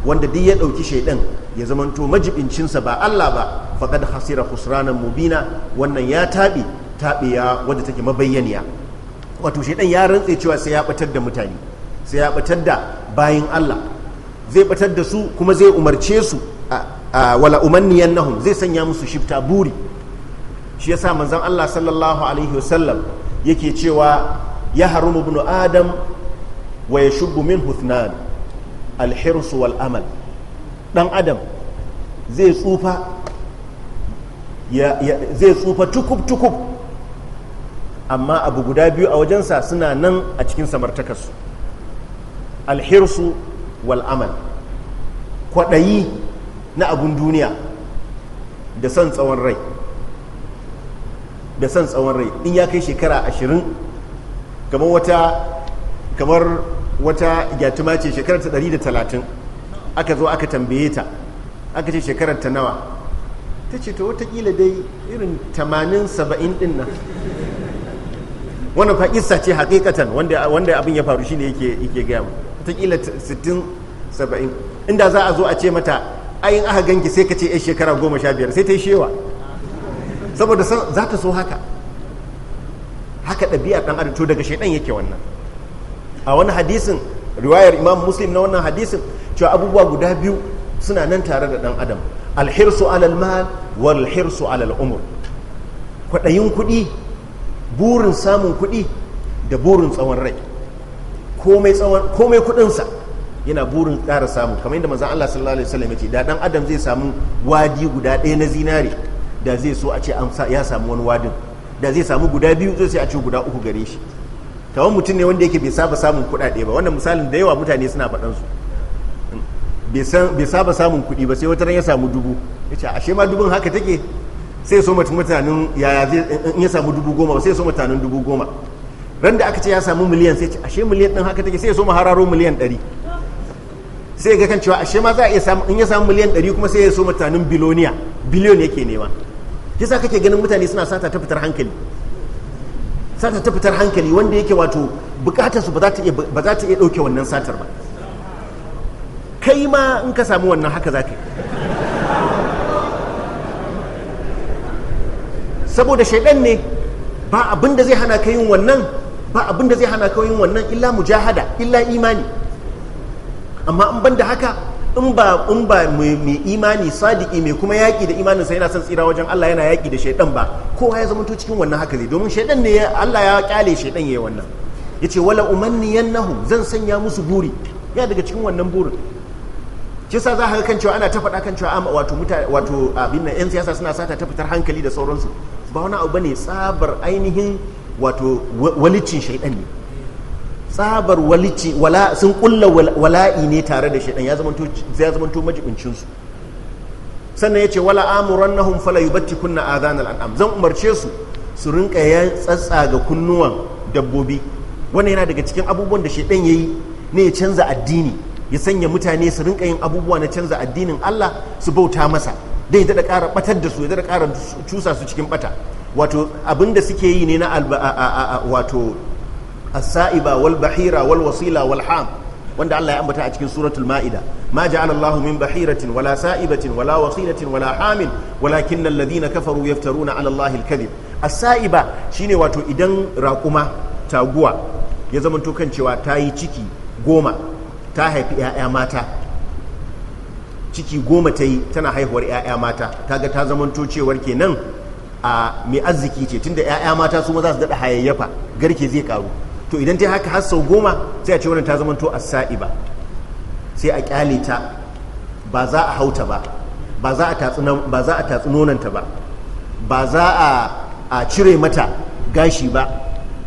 wanda duk ya dauki shaidan ya zamanto majibincinsa ba Allah ba faqad khasira khusranan mubina wannan ya taɓi tabiya wanda take mabayyaniya wato shaidan ya rantse cewa sai ya batar da mutane sai ya batar da bayan Allah zai batar da su kuma zai umarce su a wala umanniyan nahum zai sanya musu shifta buri shi ya sa manzon Allah sallallahu alaihi wasallam yake cewa ya harumu ibn adam wa yashubbu min ithnan alhirsu wal amal ɗan adam zai tsufa zai tsufa tukub tukub amma abu guda biyu a wajensa suna nan a cikin samartakarsu alhirsu wal'amal kwaɗayi na abun duniya da son tsawon rai da son tsawon rai in ya kai shekara ashirin kamar wata kamar wata gyatuma ce shekarar ta ɗari da talatin aka zo aka tambaye ta aka ce shekarar ta nawa ta ce ta watakila dai irin tamanin saba'in ɗin nan wannan fa ce hakikatan wanda abin ya faru shine yake yake gaya mu wataƙila 60 70 inda za a zo a ce mata ayin aka ganki sai ka ce ya shekara goma sha biyar sai ta yi shewa saboda za ta so haka haka ɗabi'a ɗan adam to daga shaidan yake wannan a wani hadisin riwayar imam muslim na wannan hadisin cewa abubuwa guda biyu suna nan tare da ɗan adam alhirsu alal mal wal hirsu alal umur kwaɗayin kuɗi burin samun kuɗi da burin tsawon rai komai kuɗinsa yana burin ƙara samu kamar yadda manzan Allah sallallahu alaihi wasallam ce da ɗan adam zai samu wadi guda ɗaya na zinare da zai so a ce ya samu wani wadin da zai samu guda biyu zai a ce guda uku gare shi kawai mutum ne wanda yake bai saba samun kuɗaɗe ba wannan misalin da yawa mutane suna faɗan su bai saba samun kuɗi ba sai wata ran ya samu dubu ya ce ashe ma dubun haka take sai so mutanen yaya zai in ya samu dubu goma ba sai so mutanen dubu goma ran da aka ce ya samu miliyan sai ce ashe miliyan din haka take sai so hararo miliyan ɗari sai ga kan cewa ashe ma za a iya samu in ya samu miliyan ɗari kuma sai ya so mutanen biloniya biliyon yake nema yasa kake ganin mutane suna sata ta fitar hankali sata ta fitar hankali wanda yake wato bukatar su ba za ta iya ɗauke dauke wannan satar ba kai ma in ka samu wannan haka za yi saboda shaidan ne ba abin da zai hana ka yin wannan ba abin da zai hana ka yin wannan illa mujahada illa imani amma in ban haka in ba in ba mai imani sadiki mai kuma yaki da imanin sa yana son tsira wajen Allah yana yaƙi da shaidan ba kowa ya zama to cikin wannan haka ne domin shaidan ne Allah ya kyale shaidan yayi wannan yace wala yannahu zan sanya musu buri ya daga cikin wannan burin shi sa za ka kan cewa ana ta faɗa kan cewa wato mutane wato abin nan yan siyasa suna sata ta fitar hankali da sauransu ba wani abu ne tsabar ainihin wato walicin shaidan ne tsabar walici wala sun kulla wala'i ne tare da shaidan ya zamanto ya zamanto majibincin su sannan yace wala amurannahum fala yubattikunna adhanal an'am zan umarce su su rinka ya ga kunnuwan dabbobi wannan yana daga cikin abubuwan da shaidan yayi ne ya canza addini ya sanya mutane su rinka yin abubuwa na canza addinin Allah su bauta masa dai da ƙara batar da su da ƙara cusa su cikin bata wato abinda suke yi ne na wato as-sa'iba wal bahira wal wasila wal ham wanda Allah ya ambata a cikin suratul ma'ida ma ja'ala Allah min bahiratin wala sa'ibatin wala wasilatin wala hamin walakin alladhina kafaru yaftaruna 'ala Allah al-kadhib as-sa'iba shine wato idan raƙuma taguwa ya zamanto kan cewa ta yi ciki goma ta haifi 'ya'ya mata ciki goma ta yi tana haihuwar 'ya'ya mata ta ga ta zamanto cewar kenan a mai arziki ce tunda 'ya'ya mata su ma za su daɗa hayayyafa garke zai karu to idan ta haka har sau goma sai a ce wannan ta zamanto a sa'iba sai a kyale ta ba za a hauta ba ba za a tatsi nonanta ba ba za a cire mata gashi ba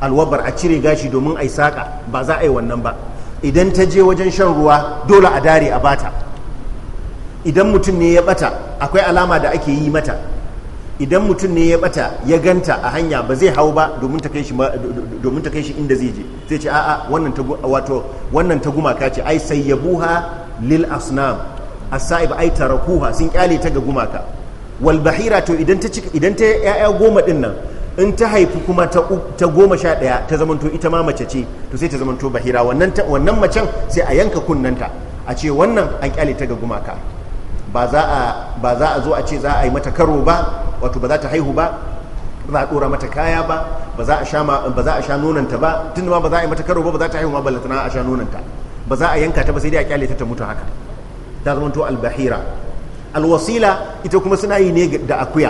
alwabar a cire gashi domin a yi saƙa ba za a yi wannan ba idan ta je wajen shan ruwa dole a dare a bata idan mutum ne ya bata akwai alama da ake yi mata idan mutum ne ya bata ya ganta a hanya ba zai hau ba domin ta kai shi inda zai je sai ce a'a wannan ta wato wannan ta gumaka ce ai sayyabuha lil asnam a saib ai tarakuha sun kyale ta ga gumaka wal bahira to idan ta idan ta yaya goma din nan in ta haifi kuma ta goma sha daya ta zamanto ita ma mace ce to sai ta zamanto bahira wannan macen sai a yanka kunnanta a ce wannan an kyale ta ga gumaka ba za a zo a ce za a yi mata karo ba wato ba za ta haihu ba za a dora mata kaya ba ba za a sha ba za a sha nonanta ba tun ma ba za a yi mata karo ba ba za ta haihu ma tana a sha nonanta ba za a yanka ta ba sai dai a kyale ta ta mutu haka ta zama to albahira alwasila ita kuma suna yi ne da akuya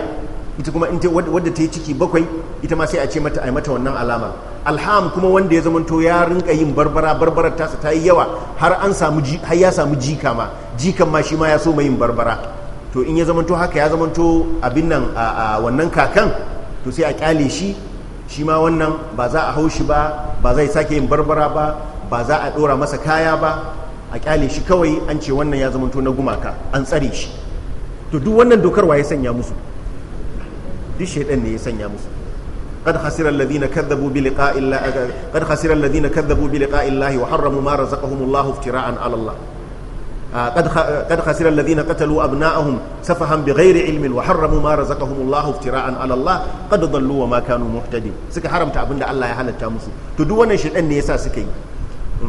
ita kuma in wadda ta yi ciki bakwai ita ma sai a ce mata a mata wannan alama alham kuma wanda ya zamanto ya rinka yin barbara barbarar tasa ta yi yawa har an samu har ya samu jika ma jikan ma shi ma ya so mai yin barbara to in ya zamanto haka ya zamanto abin nan a wannan kakan to sai a kyale shi shi ma wannan ba za a hau shi ba ba zai sake yin barbara ba ba za a dora masa kaya ba a kyale shi kawai an ce wannan ya zamanto na gumaka an tsare shi to duk wannan dokar wa ya sanya musu duk shaidan ne ya sanya قد خسر الذين كذبوا بلقاء الله قد خسر الذين كذبوا بلقاء الله وحرموا ما رزقهم الله افتراء على الله آه، قد خسر الذين قتلوا ابناءهم سفها بغير علم وحرموا ما رزقهم الله افتراء على الله قد ضلوا وما كانوا مهتدين سك حرمت ابن الله يا هلتا مسو تو دو وني شدن ني يسا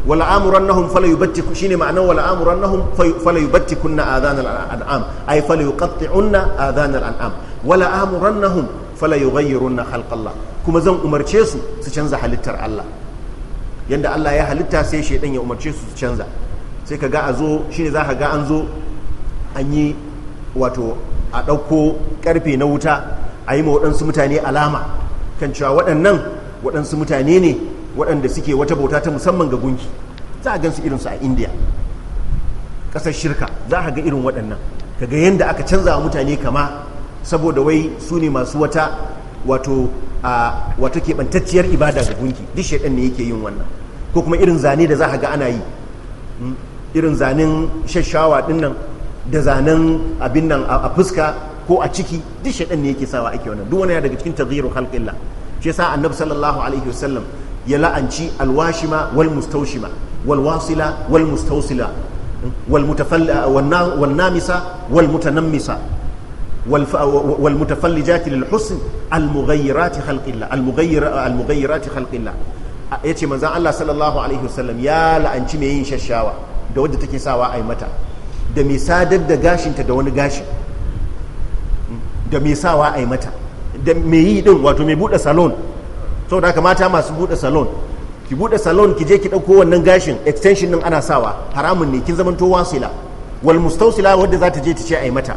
ولا امرنهم فلا يبتك شيني معنى ولا امرنهم فلا يبتكن اذان الانعام اي فلا يقطعن اذان الانعام wala amurannahum fala yughayyirunna khalqallah kuma zan umarce su su canza halittar Allah yadda Allah ya halitta sai shaidan ya umarce su su canza sai ka ga a zo shine za ka ga an zo an yi wato a ɗauko karfe na wuta a yi ma waɗansu mutane alama kan cewa waɗannan waɗansu mutane ne waɗanda suke wata bauta ta musamman ga gunki za a gansu irinsu a indiya ƙasar shirka za a ga irin waɗannan ka ga yadda aka canza wa mutane kama saboda wai su ne masu wata wato a wato keɓantacciyar ibada ga gunki duk shaidan ne yake yin wannan ko kuma irin zane da za a ga ana yi hmm? irin zanen shashawa din nan da zanen abin nan a fuska ko a ciki duk shaidan ne yake sawa ake wannan duk wani daga cikin taghiru halƙilla shi sa annab sallallahu alaihi wasallam ya la'anci alwashima wal mustaushima wal wasila wal mustausila hmm? wal mutafalla wal namisa wal mutanammisa والمتفلجات للحسن المغيرات خلق الله المغير المغيرات خلق الله yace manzon Allah sallallahu alaihi wasallam ya la'anci mai yin shashawa da wadda take sawa ai mata da mai sadar da gashinta da wani gashi da mai sawa ai mata da mai yi din wato mai bude salon saboda haka mata masu bude salon ki bude salon ki je ki dauko wannan gashin extension din ana sawa haramun ne kin zamanto wasila wal mustawsila wadda za ta je ta ce ai mata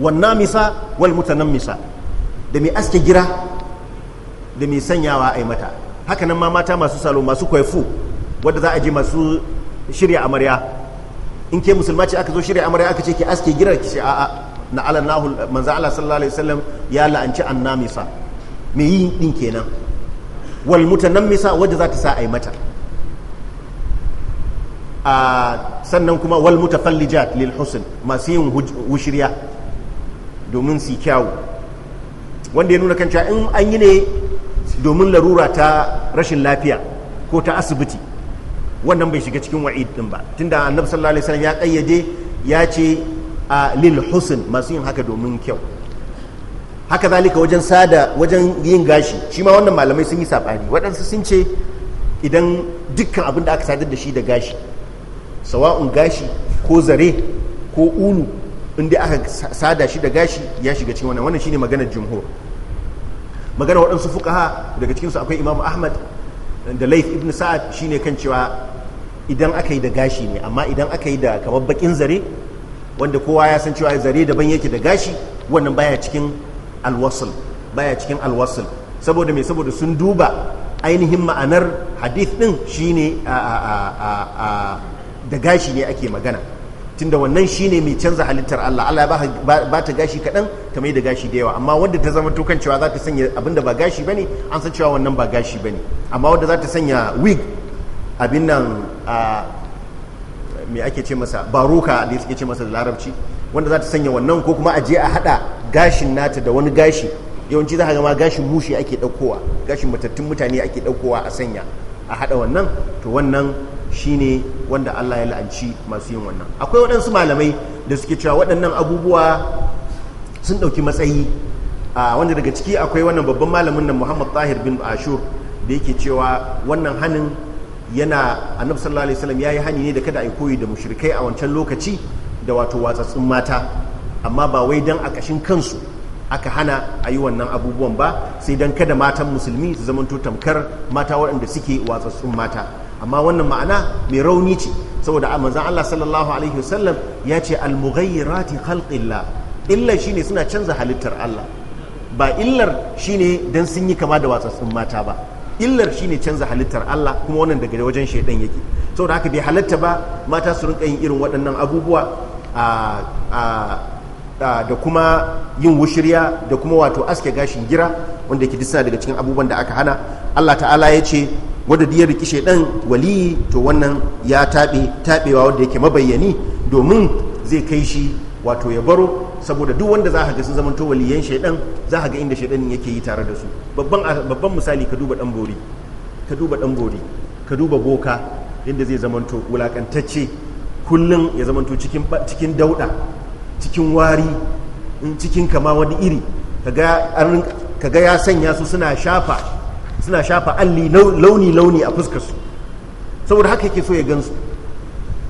wannamisa wal mutanammisa da mai aske gira da mai sanyawa a yi mata hakanan ma mata masu salo masu kwaifu wadda za a ji masu shirya amarya in ke musulma ce aka zo shirya amarya aka ce ke aske girar ki ce a'a na ala nahul manzo Allah sallallahu alaihi wasallam ya la'anci annamisa me yi din kenan wal mutanammisa wadda za ta sa a mata sannan kuma wal mutafallijat lil husn masu yin wushiriya domin su kyawu wanda ya nuna kan cewa in an yi ne domin larura ta rashin lafiya ko ta asibiti wannan bai shiga cikin wa'id din ba tunda annabi sallallahu alaihi wasallam ya kayyade ya ce a lil husn masu yin haka domin kyau haka zalika wajen sada wajen yin gashi shi ma wannan malamai sun yi sabani waɗansu sun ce idan dukkan abin da aka sadar da shi da gashi sawa'un gashi ko zare ko ulu inda aka sada shi da gashi ya shiga cikin wannan wannan shine maganar jumhur maganar waɗansu fuqaha daga cikin su akwai imamu ahmad da laif ibn sa'ad shine kan cewa idan aka yi da gashi ne amma idan aka yi da kamar bakin zare wanda kowa ya san cewa zare daban yake da gashi wannan baya cikin alwasul baya cikin alwasul saboda me saboda sun duba ainihin ma'anar hadith din shine a da gashi ne ake magana tunda wannan shine mai canza halittar Allah Allah ya ba ta gashi kaɗan ta mai da gashi da yawa amma wanda ta zama tukan cewa za ta sanya abin da ba gashi bane an san cewa wannan ba gashi bane amma wanda za ta sanya wig abin nan a me ake ce masa baruka da suke ce masa larabci wanda za ta sanya wannan ko kuma a je a hada gashin nata da wani gashi yawanci za ka ga ma gashin mushi ake ɗaukowa gashin matattun mutane ake ɗaukowa a sanya a hada wannan to wannan Shi ne wanda Allah ya la'anci masu yin wannan akwai waɗansu malamai da suke cewa waɗannan abubuwa sun ɗauki matsayi A wanda daga ciki akwai wannan babban malamin nan Muhammad Tahir bin Ashur da yake cewa wannan hannun yana annabi sallallahu alaihi wasallam yayi hani ne da kada ai koyi da mushrikai a wancan lokaci da wato watsatsun mata amma ba wai dan a kashin kansu aka hana a yi wannan abubuwan ba sai dan kada matan musulmi su zamanto tamkar mata waɗanda suke watsatsun mata amma wannan ma'ana mai rauni ce saboda manzan Allah sallallahu alaihi wasallam ya ce al-mughayyirati khalqillah illa shine suna canza halittar Allah ba illar shine dan sun yi kama da watsatsun mata ba illar shine canza halittar Allah kuma wannan daga wajen shaidan yake saboda haka bai halatta ba mata su rinka yin irin waɗannan abubuwa da kuma yin wushirya da kuma wato aske gashin gira wanda ke disa daga cikin abubuwan da aka hana Allah ta'ala ya ce wadda da ya riki shaidan wali to wannan ya taɓe taɓewa wadda yake mabayyani domin zai kai shi wato ya baro saboda duk wanda za a ga sun zama to waliyan shaidan za ga inda shaidan yake yi tare da su babban misali ka duba dan bori ka duba dan bori ka duba boka inda zai to wulakantacce kullum ya zamanto cikin cikin dauda cikin wari mm, cikin kama wani iri kaga ya sanya su suna shafa suna shafa alli launi-launi a fuskarsu saboda haka yake so ya gansu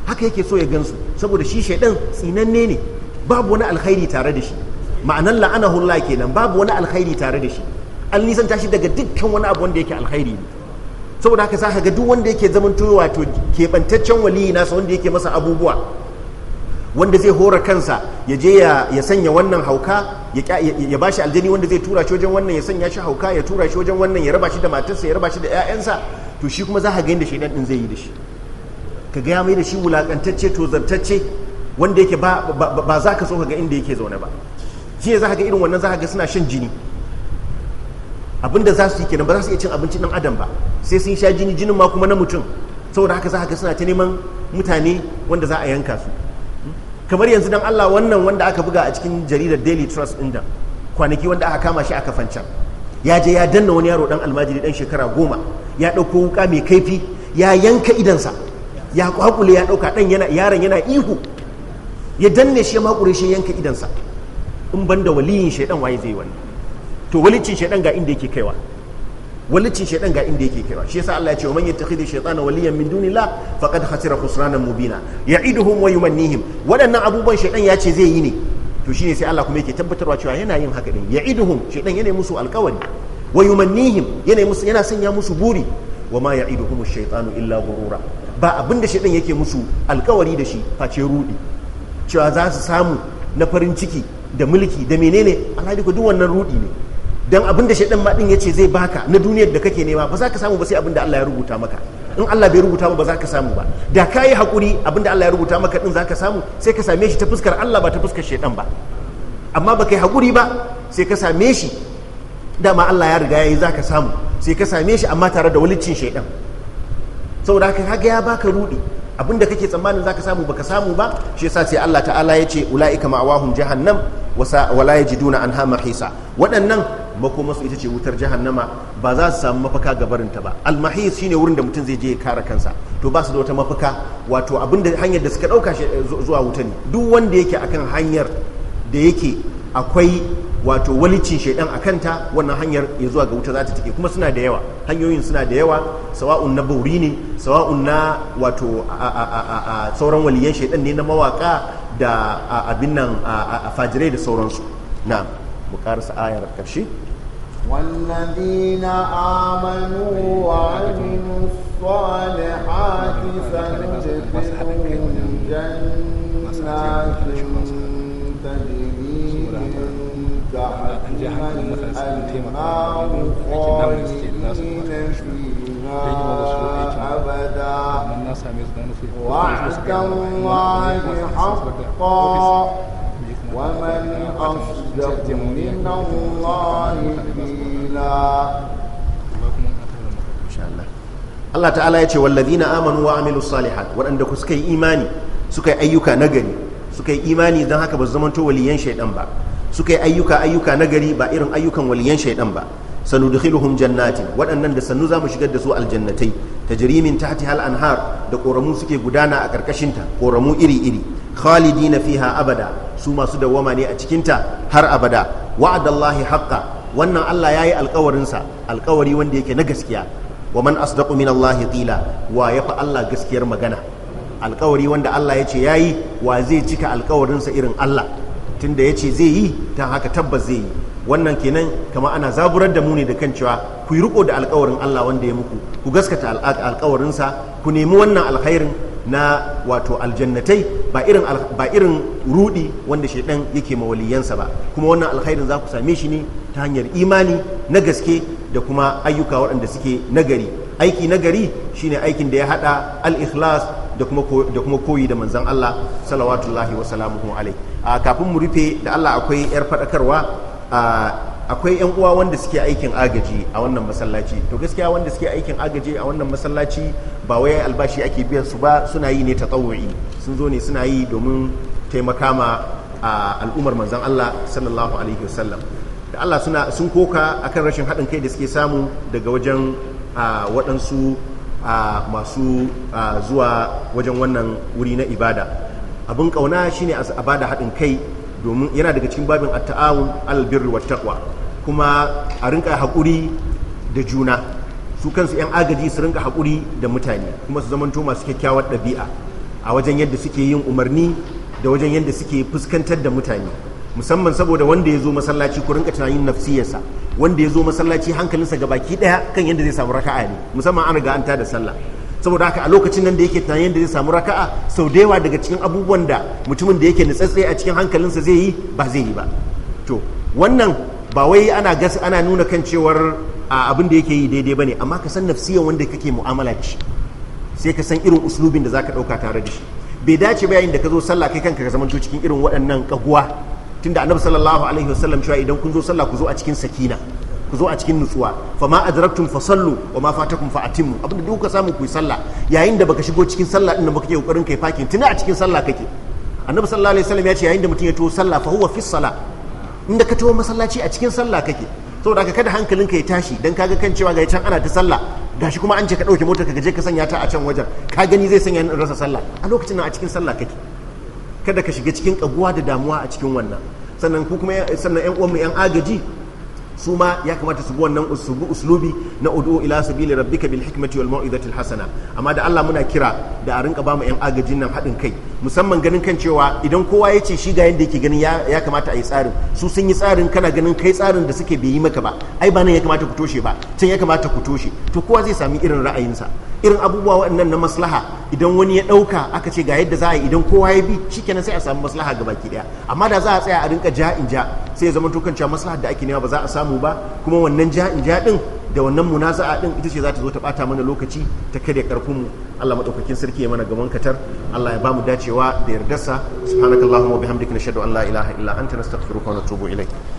haka yake so ya gansu saboda shi shaidan tsinanne ne babu wani alkhairi tare da shi ma'anan la'anahullah kenan babu wani alkhairi tare da shi an nisan tashi daga dukkan wani abu wanda yake alkhairi ne saboda haka za ga duk wanda yake zaman to wato keɓantaccen waliyi nasa wanda yake masa abubuwa wanda zai hora kansa ya je ya sanya wannan hauka ya ba shi aljani wanda zai tura shi wajen wannan ya sanya shi hauka ya tura shi wajen wannan ya raba shi da matarsa ya raba shi da 'ya'yansa to shi kuma za ka ga yadda shaidan din zai yi da shi ka ga ya mai da shi wulakantacce tozartacce wanda yake ba za ka so ka ga inda yake zaune ba shi za ka ga irin wannan za ka ga suna shan jini abinda za su yi kenan ba za su iya cin abinci dan adam ba sai sun sha jini jinin ma kuma na mutum saboda haka za ka ga suna ta neman mutane wanda za a yanka su kamar yanzu dan Allah wannan wanda aka buga a cikin jaridar Daily Trust din da kwanaki wanda aka kama shi aka fancan ya je ya danna wani yaro dan almajiri dan shekara goma ya dauko wuka mai kaifi ya yanka idansa ya kwakule ya ɗauka ɗan yana yaron yana ihu ya danne shi ya makure shi yanka idansa in banda waliyin shaidan waye zai wani to walicin shaidan ga inda yake kaiwa walicin shaidan ga inda yake kira shi yasa Allah ya ce wa man yattakhidhi shaytana waliyan min dunillah faqad khasira khusrana mubina ya'iduhum wa yumannihim wadannan abubuwan shaidan ya ce zai yi ne to shine sai Allah kuma yake tabbatarwa cewa yana yin haka din ya'iduhum shaidan yana musu alkawari wa yumannihim yana musu yana sanya musu buri wa ma ya'iduhum ash-shaytanu illa gurura. ba abinda shaidan yake musu alkawari da shi face rudi cewa za su samu na farin ciki da mulki da menene Allah duk wannan rudi ne dan abin da shaidan ma din yace zai baka na duniyar da kake nema ba za ka samu ba sai abin da Allah ya rubuta maka in Allah bai rubuta ba za ka samu ba da ka yi hakuri abin da Allah ya rubuta maka din za ka samu sai ka same shi ta fuskar Allah ba ta fuskar shaidan ba amma ba yi hakuri ba sai ka same shi dama Allah ya riga ya yi za ka samu sai ka same shi amma tare da walicin shaidan saboda haka kaga ya baka rudi da kake tsammanin za ka samu baka samu ba shi yasa sai Allah ta'ala ya ce ulaika ma'awahum jahannam wala yajiduna anha mahisa waɗannan makomarsu ita ce wutar jahannama ba za su samu mafaka ga barinta ba shi shine wurin da mutum zai je ya kare kansa to ba su da wata mafaka wato abin da hanyar da suka dauka eh, zuwa wuta ne duk wanda yake akan hanyar da yake akwai wato walicin shaidan a kanta wannan hanyar ya zuwa ga wuta za ta take kuma suna da yawa hanyoyin suna da yawa sawa'un na bauri ne sawa'un na wato a sauran waliyan shaidan ne na mawaka da abin nan a fajirai da sauransu na mu karasa ayar karshe والذين آمنوا وعملوا الصالحات سندخلهم جنات تجري من تحتها الأنهار خالدين فيها أبدا وعد الله حقا ومن أصدق من الله قيلا Allah ta'ala ya ce wallazina amanu wa amilu salihat waɗanda ku suka yi imani suka yi ayyuka nagari suka yi imani don haka ba su zamanto waliyan shaidan ba suka yi ayyuka ayyuka nagari ba irin ayyukan waliyan shaidan ba sanudkhiluhum jannatin waɗannan da sannu zamu shigar da su aljannatai tajrimin tahtiha al-anhar da koramu suke gudana a karkashin ta koramu iri iri khalidina fiha abada su masu dawwama ne a cikinta har abada wa'adallahi haqqa wannan Allah yayi alƙawarinsa alƙawari wanda yake na gaskiya wa man asdaqu min Allah qila wa yafa Allah gaskiyar magana alƙawari wanda Allah ya ce yayi wa zai cika alƙawarinsa irin Allah tunda ya ce zai yi ta haka tabbas zai yi wannan kenan kama ana zaburar da mu ne da kan cewa kuyi yi riko da alkawarin Allah wanda ya muku ku gaskata alkawarinsa ku nemi wannan alkhairin na wato aljannatai ba irin ba rudi wanda shaidan yake mawaliyansa ba kuma wannan alkhairin za ku same shi ne ta hanyar imani na gaske da kuma ayyuka waɗanda suke nagari aiki nagari shine aikin da ya hada al-ikhlas da kuma koyi da manzan Allah salawatullahi wa salamuhu alai kafin mu rufe da Allah akwai yar faɗakarwa. akwai yan uwa wanda suke aikin agaji a wannan masallaci to gaskiya wanda suke aikin agaji a wannan masallaci ba wai albashi ake biyan su ba suna yi ne ta tsawoi sun zo ne suna yi domin taimaka ma al'ummar manzan Allah sallallahu alaihi wasallam da Allah suna sun koka akan rashin haɗin kai da suke samu daga wajen waɗansu masu zuwa wajen wannan wuri na ibada abin ƙauna shine a bada haɗin kai domin yana daga cikin babin at-ta'awun al-birri wat-taqwa kuma a rinka haƙuri da juna su kansu 'yan agaji su rinka haƙuri da mutane kuma su zamanto masu kyakkyawar ɗabi'a a wajen yadda suke yin umarni da wajen yadda suke fuskantar da mutane musamman saboda wanda ya zo masallaci ku rinka tunanin nafsiyarsa wanda ya zo masallaci hankalinsa ga baki ɗaya kan yadda zai samu raka'a ne musamman ana riga an da sallah saboda haka a lokacin nan da yake tunanin yadda zai samu raka'a sau da yawa daga cikin abubuwan da mutumin da yake nutsatse a cikin hankalinsa zai yi ba zai yi ba to wannan ba wai ana gas ana nuna kan cewar abin da yake yi daidai bane amma ka san nafsiyan wanda kake mu'amala shi sai ka san irin uslubin da zaka dauka tare da shi bai dace ba yayin da ka zo sallah kai kanka ka zamanto cikin irin waɗannan kaguwa tunda annabi sallallahu alaihi wasallam cewa idan kun zo sallah ku zo a cikin sakina ku zo a cikin nutsuwa fa ma adraktum fa sallu wa ma fatakum fa atimmu abinda duk ka samu ku yi sallah yayin da baka shigo cikin sallah din baka ke kokarin kai fakin tuna a cikin sallah kake annabi sallallahu alaihi wasallam ya ce yayin da mutum ya to sallah fa huwa fi sallah inda ka taho masallaci a cikin sallah kake saboda ka kada hankalinka ya tashi dan kaga kan cewa ga can ana ta sallah gashi kuma an ce ka dauke motar ka gaje ka sanya ta a can wajen ka gani zai sanya ni rasa sallah a lokacin nan a cikin sallah kake kada ka shiga cikin kaguwa da damuwa a cikin wannan sannan ku kuma sannan yan mu yan agaji su ma ya kamata su bi wannan uslubi na ud'u ila sabili rabbika bil hikmati wal mau'izatil hasana amma da Allah muna kira da a rinka bamu yan agajin nan haɗin kai musamman ganin kan cewa idan kowa ya ce shi ga yanda yake ganin ya kamata a yi tsarin su sun yi tsarin kana ganin kai tsarin da suke bai yi maka ba ai ba nan ya kamata ku toshe ba can ya kamata ku toshe to kowa zai sami irin ra'ayinsa irin abubuwa waɗannan na maslaha idan wani ya ɗauka aka ce ga yadda za a yi idan kowa ya bi shikenan sai a samu maslaha ki daya amma da za a tsaya a rinka ja in ja sai ya zama da ake nema ba za a samu ba kuma wannan ja'in jaɗin da wannan munaza'a din ita ce za ta zo ta bata mana lokaci ta karya karfin mu Allah madaukakin sarki ya mana gaban katar Allah ya bamu dacewa da yardarsa subhanakallahumma wa bihamdika nashhadu an la ilaha illa anta nastaghfiruka wa natubu ilaik